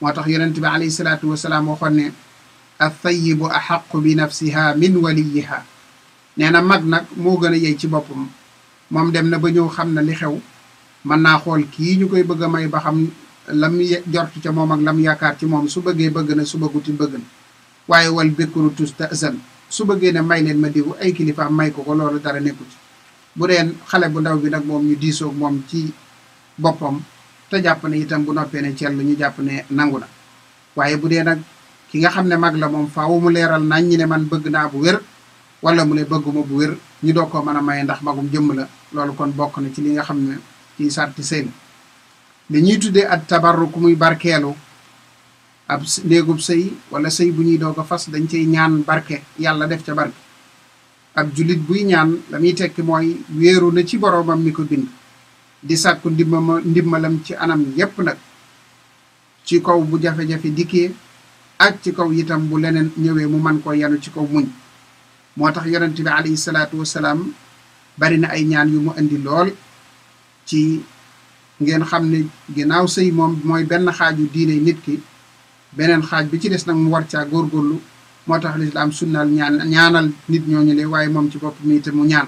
moo tax yonent bi alayhi salaatu wasalaam waxoon ne athayibu axaqu bi nafsiha min waliyiha nee na mag nag moo gën a yey ci boppam moom dem na ba ñëw xam na li xew mën naa xool kii ñu koy bëgg a may ba xam lam jortu ca moom ak lam yaakaar ci moom su bëggee bëgg na su bëgguti bëgg na waaye wal bikkuru tus ta su bëggee ne may leen ma ay kilifa may ko ko loolu dara nekku ci bu deen xale bu ndaw bi nag moom ñu diisoog moom ci boppam te jàpp ne itam bu noppee ne cell ñu jàpp ne nangu na waaye bu dee nag ki nga xam ne mag la moom faaw mu leeral nañ ñi ne man bëgg naa bu wér wala mu ne bëgguma bu wër ñu doog koo mën a maye ndax magum jëmm la loolu kon bokk na ci li nga xam ne ci sarti sëy li ñuy tuddee at tabarruk muy barkeelu ab néegub sëy wala sëy bu ñuy doog a fas dañ cay ñaan barke yàlla def ca barke ab jullit buy ñaan la tekki mooy wéeru na ci boroomam mi ko bind di sàkku ndimbama ci anam yépp nag ci kaw bu jafe-jafe dikkee ak ci kaw yitam bu leneen ñëwee mu man koo yanu ci kaw muñ moo tax yonent bi alayhi salaatu wasalaam bari na ay ñaan yu mu indi lool ci ngeen xam ne ginnaaw sëy moom mooy benn xaaju diine nit ki beneen xaaj bi ci des nag mu war caa góorlu moo tax lislaam sunnal ñaan ñaanal nit ñooñu le waaye moom ci bopp mi te mu ñaan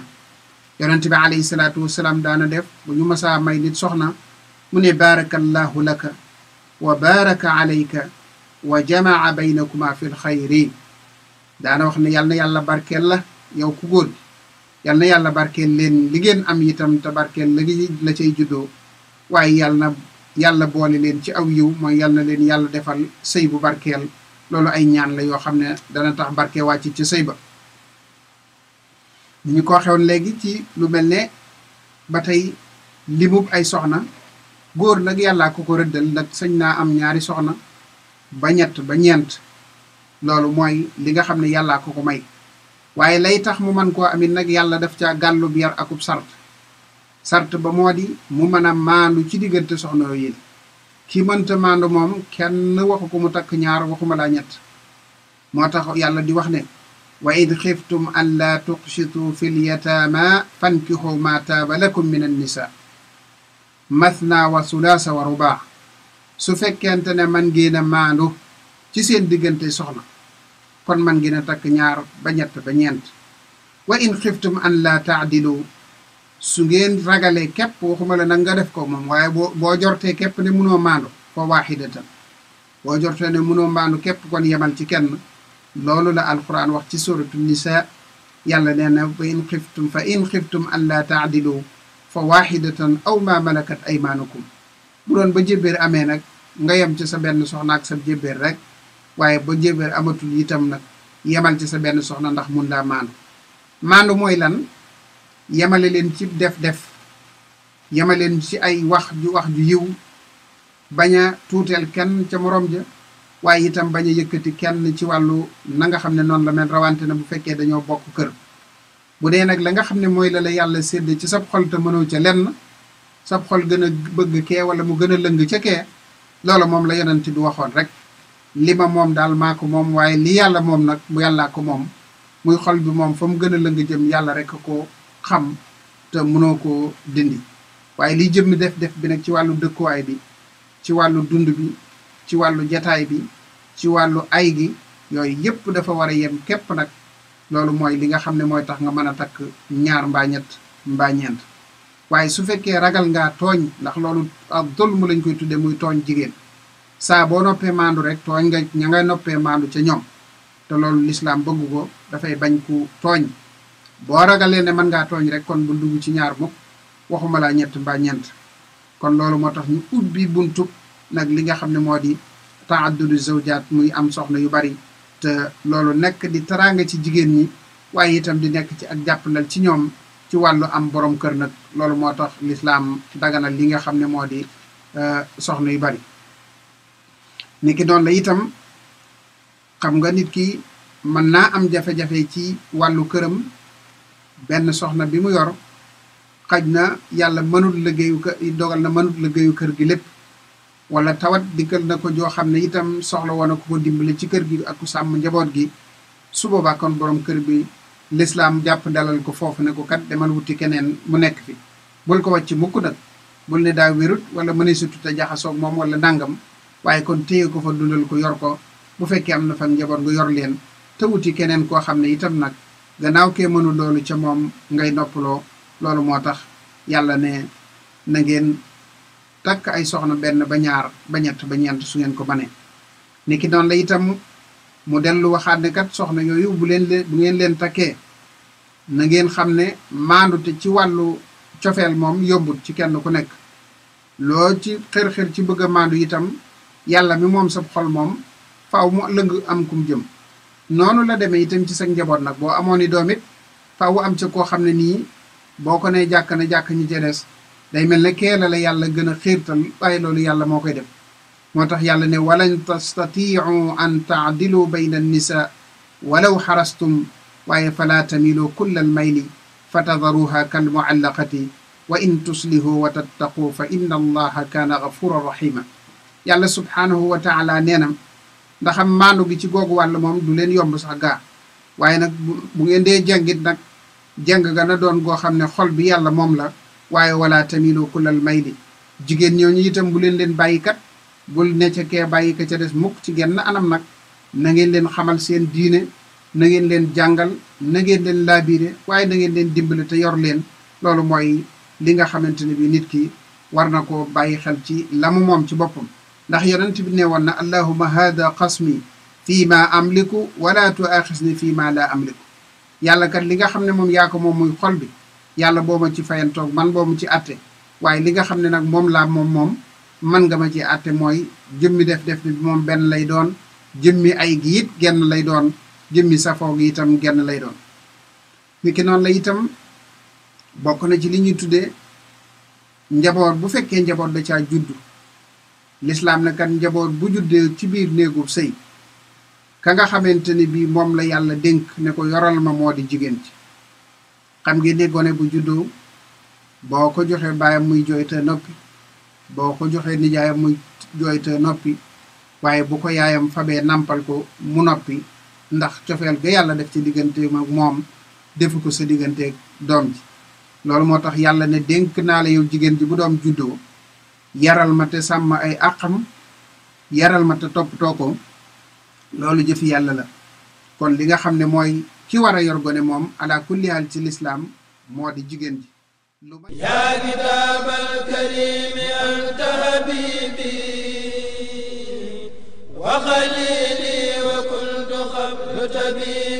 yonente bi alayhi salaatu wasalaam daana def bu ñu masaa may nit soxna mu ne baarakallahu laka wa baaraka alayka wa jamaa baynakuma fi l xayri daana wax ne yàlla na yàlla barkeel la yow ku góor yal na yàlla barkeel leen li ngeen am itam te barkeel la la cay juddoo waaye yal na yàlla boole leen ci aw yiw mooy yal na leen yàlla defal sëy bu barkeel loolu ay ñaan la yoo xam ne dana tax barke wàcc ci sëy ba ñu ko waxewoon léegi ci lu mel ne ba tey limub ay soxna góor nag yàllaa ko ko rëddal nag sëñ naa am ñaari soxna ba ñett ba ñeent loolu mooy li nga xam ne yàllaa ko ko may waaye lay tax mu mën koo amit nag yàlla daf caa gàllub yar akub sart sart ba moo di mu mën a maandu ci diggante soxna yi ki mënta maandu moom kenn waxu ko mu takk ñaar waxuma laa ñett moo tax yàlla di wax ne wa id xiftum an laa tuqsitu fi lyataama fankixu ma taaba lakum min an nisa mathna wa sulaasa wa rubaa su fekkente ne man ngeen a maandu ci seen diggante soxna kon man ngeen a takk ñaar ba ñett ba ñeent wa in xiftum an laa taadilu su ngeen ragalee képp waxuma la nag nga def ko moom waaye boo boo jortee képp ne munoo maandu fa waaxidatan boo jortee ne munoo maandu képp kon yemal ci kenn loolu la alquran wax ci suratu sa yàlla nee na fa in xiftum fa in xiftum an laa taadilu fa waaxidatan aw ma malakat aymaanukum bu doon ba jébbéer amee nag nga yem ci sa benn soxna ak sa jébbéer rek waaye ba njébéer amatul itam nag yemal ci sa benn soxna ndax mun laa maandu maandu mooy lan yemale leen ci def-def yemale leen ci ay wax ju wax ju yiw bañ a tuuteel kenn ca morom ja waaye itam bañ a yëkkati kenn ci wàllu na nga xam ne noonu la mel rawante na bu fekkee dañoo bokk kër bu dee nag la nga xam ne mooy la la yàlla sédd ci sab xol te mënoo ca lenn sab xol gën a bëgg kee wala mu gën a lëng ca kee loola moom la yonent bi waxoon rek li ma moom daal maa ko moom waaye li yàlla moom nag mu yàllaa ko moom muy xol bi moom fa mu gën a lëng jëm yàlla rek ko xam te mënoo ko dindi waaye liy jëmmi def-def bi nag ci wàllu dëkkuwaay bi ci wàllu dund bi ci wàllu jataay bi ci wàllu ay gi yooyu yépp dafa war a yem képp nag loolu mooy li nga xam ne mooy tax nga mën a takk ñaar mbaa ñett waaye su fekkee ragal ngaa tooñ ndax loolu ak mu lañ koy tuddee muy tooñ jigéen saa boo noppee maandu rek tooñ nga ña nga noppee maandu ca ñoom te loolu lislaam bëggu ko dafay bañ ku tooñ boo ragalee ne mën ngaa tooñ rek kon bu dugg ci ñaar mukk waxuma laa ñett mbaa ñeent kon loolu moo tax ñu ubbi buntu nag li nga xam ne moo di taaddudu zawjaat muy am soxna yu bari te loolu nekk di taraanga ci jigéen ñi waaye itam di nekk ci ak jàpp jàppandal ci ñoom ci wàllu am borom kër nag loolu moo tax lislaam daganal li nga xam ne moo di euh, soxna yu bari ni ki doon la itam xam nga nit ki mën naa am jafe-jafe ci wàllu këram benn soxna bi mu yor xaj na yàlla mënul liggéeyu dogal na mënul liggéeyu kër gi lépp wala tawat dikkal na ko joo xam ne itam soxla woon na ku ko dimbale ci kër gi ak ku sàmm njaboot gi su boobaa kon borom kër bi lislaam jàpp dalal ko foofu ne ko kat demal wuti keneen mu nekk fi bul ko wàcc mukk nag bul ne daa wérut wala mëneesutut te jaxasoog moom walla nangam waaye kon téye ko fa dundal ko yor ko bu fekkee am na fa njaboot gu yor leen te wuti keneen koo xam ne itam nag gannaaw kee mënul loolu ca moom ngay noppaloo loolu moo tax yàlla ne na ngeen takk ay soxna benn ba ñaar ba ñett ba ñeent su ngeen ko banee ni ki noonu la itam mu dellu waxaat ne kat soxna yooyu bu leen leen bu ngeen leen takkee na ngeen xam ne maandute ci wàllu cofeel moom yombut ci kenn ku nekk loo ci xër-xër ci bëgga a maandu itam yàlla mi moom sa xol moom faaw mu lëng am kum jëm noonu la demee itam ci sa njaboot nag boo amoon i doom it faaw am ca koo xam ne nii boo ko nee jàkk na jàkk ñi ca day mel ne kee la yàlla gën a xiirtal waaye loolu yàlla moo koy def moo tax yàlla ne walan tastatiu an taadilu bayna annisa walaw xarastum waaye fala tamilu kulla almayli fa tadaruha kal muallaqati wa in tuslihu wa tattaqu fa inna allaha kaana gafuran rahima yàlla subhaanahu wa taala nee na ndaxam maandu gi ci googu wàll moom du leen yomb sax gaa waaye nag bu ngeen dee jàngit nag jàng ga na doon goo xam ne xol bi yàlla moom la waaye wala tamilu kulal mayli jigéen ñu itam bu leen leen bàyyikat bul ne ca kee bàyyi ka ca des mukk ci genn anam nag na ngeen leen xamal seen diine na ngeen leen jàngal na ngeen leen laabiire waaye na ngeen leen dimbali te yor leen loolu mooy li nga xamante ne bi nit ki war na ko bàyyi xel ci la moom ci boppam ndax yonent bi ne woon na allahuma hada qasmi fii ma am amliku wala tuaxisni fii ma la amliku yàlla kat li nga xam ne moom yaa ko moom muy xol bi yàlla boo ma ci fayantoog man boo ma ci atte waaye li nga xam ne nag moom laa moom moom man nga ma ci atte mooy jëmmi def def moom benn lay doon jëmmi ay gi genn lay doon jëmmi safoo gi itam genn lay doon ni ki noonu la itam bokk na ci li ñuy tuddee njaboot bu fekkee njaboot da caa juddu lislaam na kat njaboot bu juddee ci biir néegub sëy ka nga xamante ni bii moom la yàlla dénk ne ko yoral ma moo di jigéen ji xam ngeen ne gone bu juddoo boo ko joxee baayam muy jooy te noppi boo ko joxee nijaayam muy jooy noppi waaye bu ko yaayam fabee nàmpal ko mu noppi ndax cofeel ga yàlla def ci diggante ak moom defu ko sa digganteeg doom ji loolu moo tax yàlla ne dénk naa la yow jigéen ji bu doom juddoo yaral ma te sàmm ay àqam yaral ma te toppatoo ko loolu jëfi yàlla la kon li nga xam ne mooy ki war a yor gone moom ala ci lislaam moo di jigéen ji yaa kitaab alkarim anta habibi wa xalili wa kuntu qablu tabi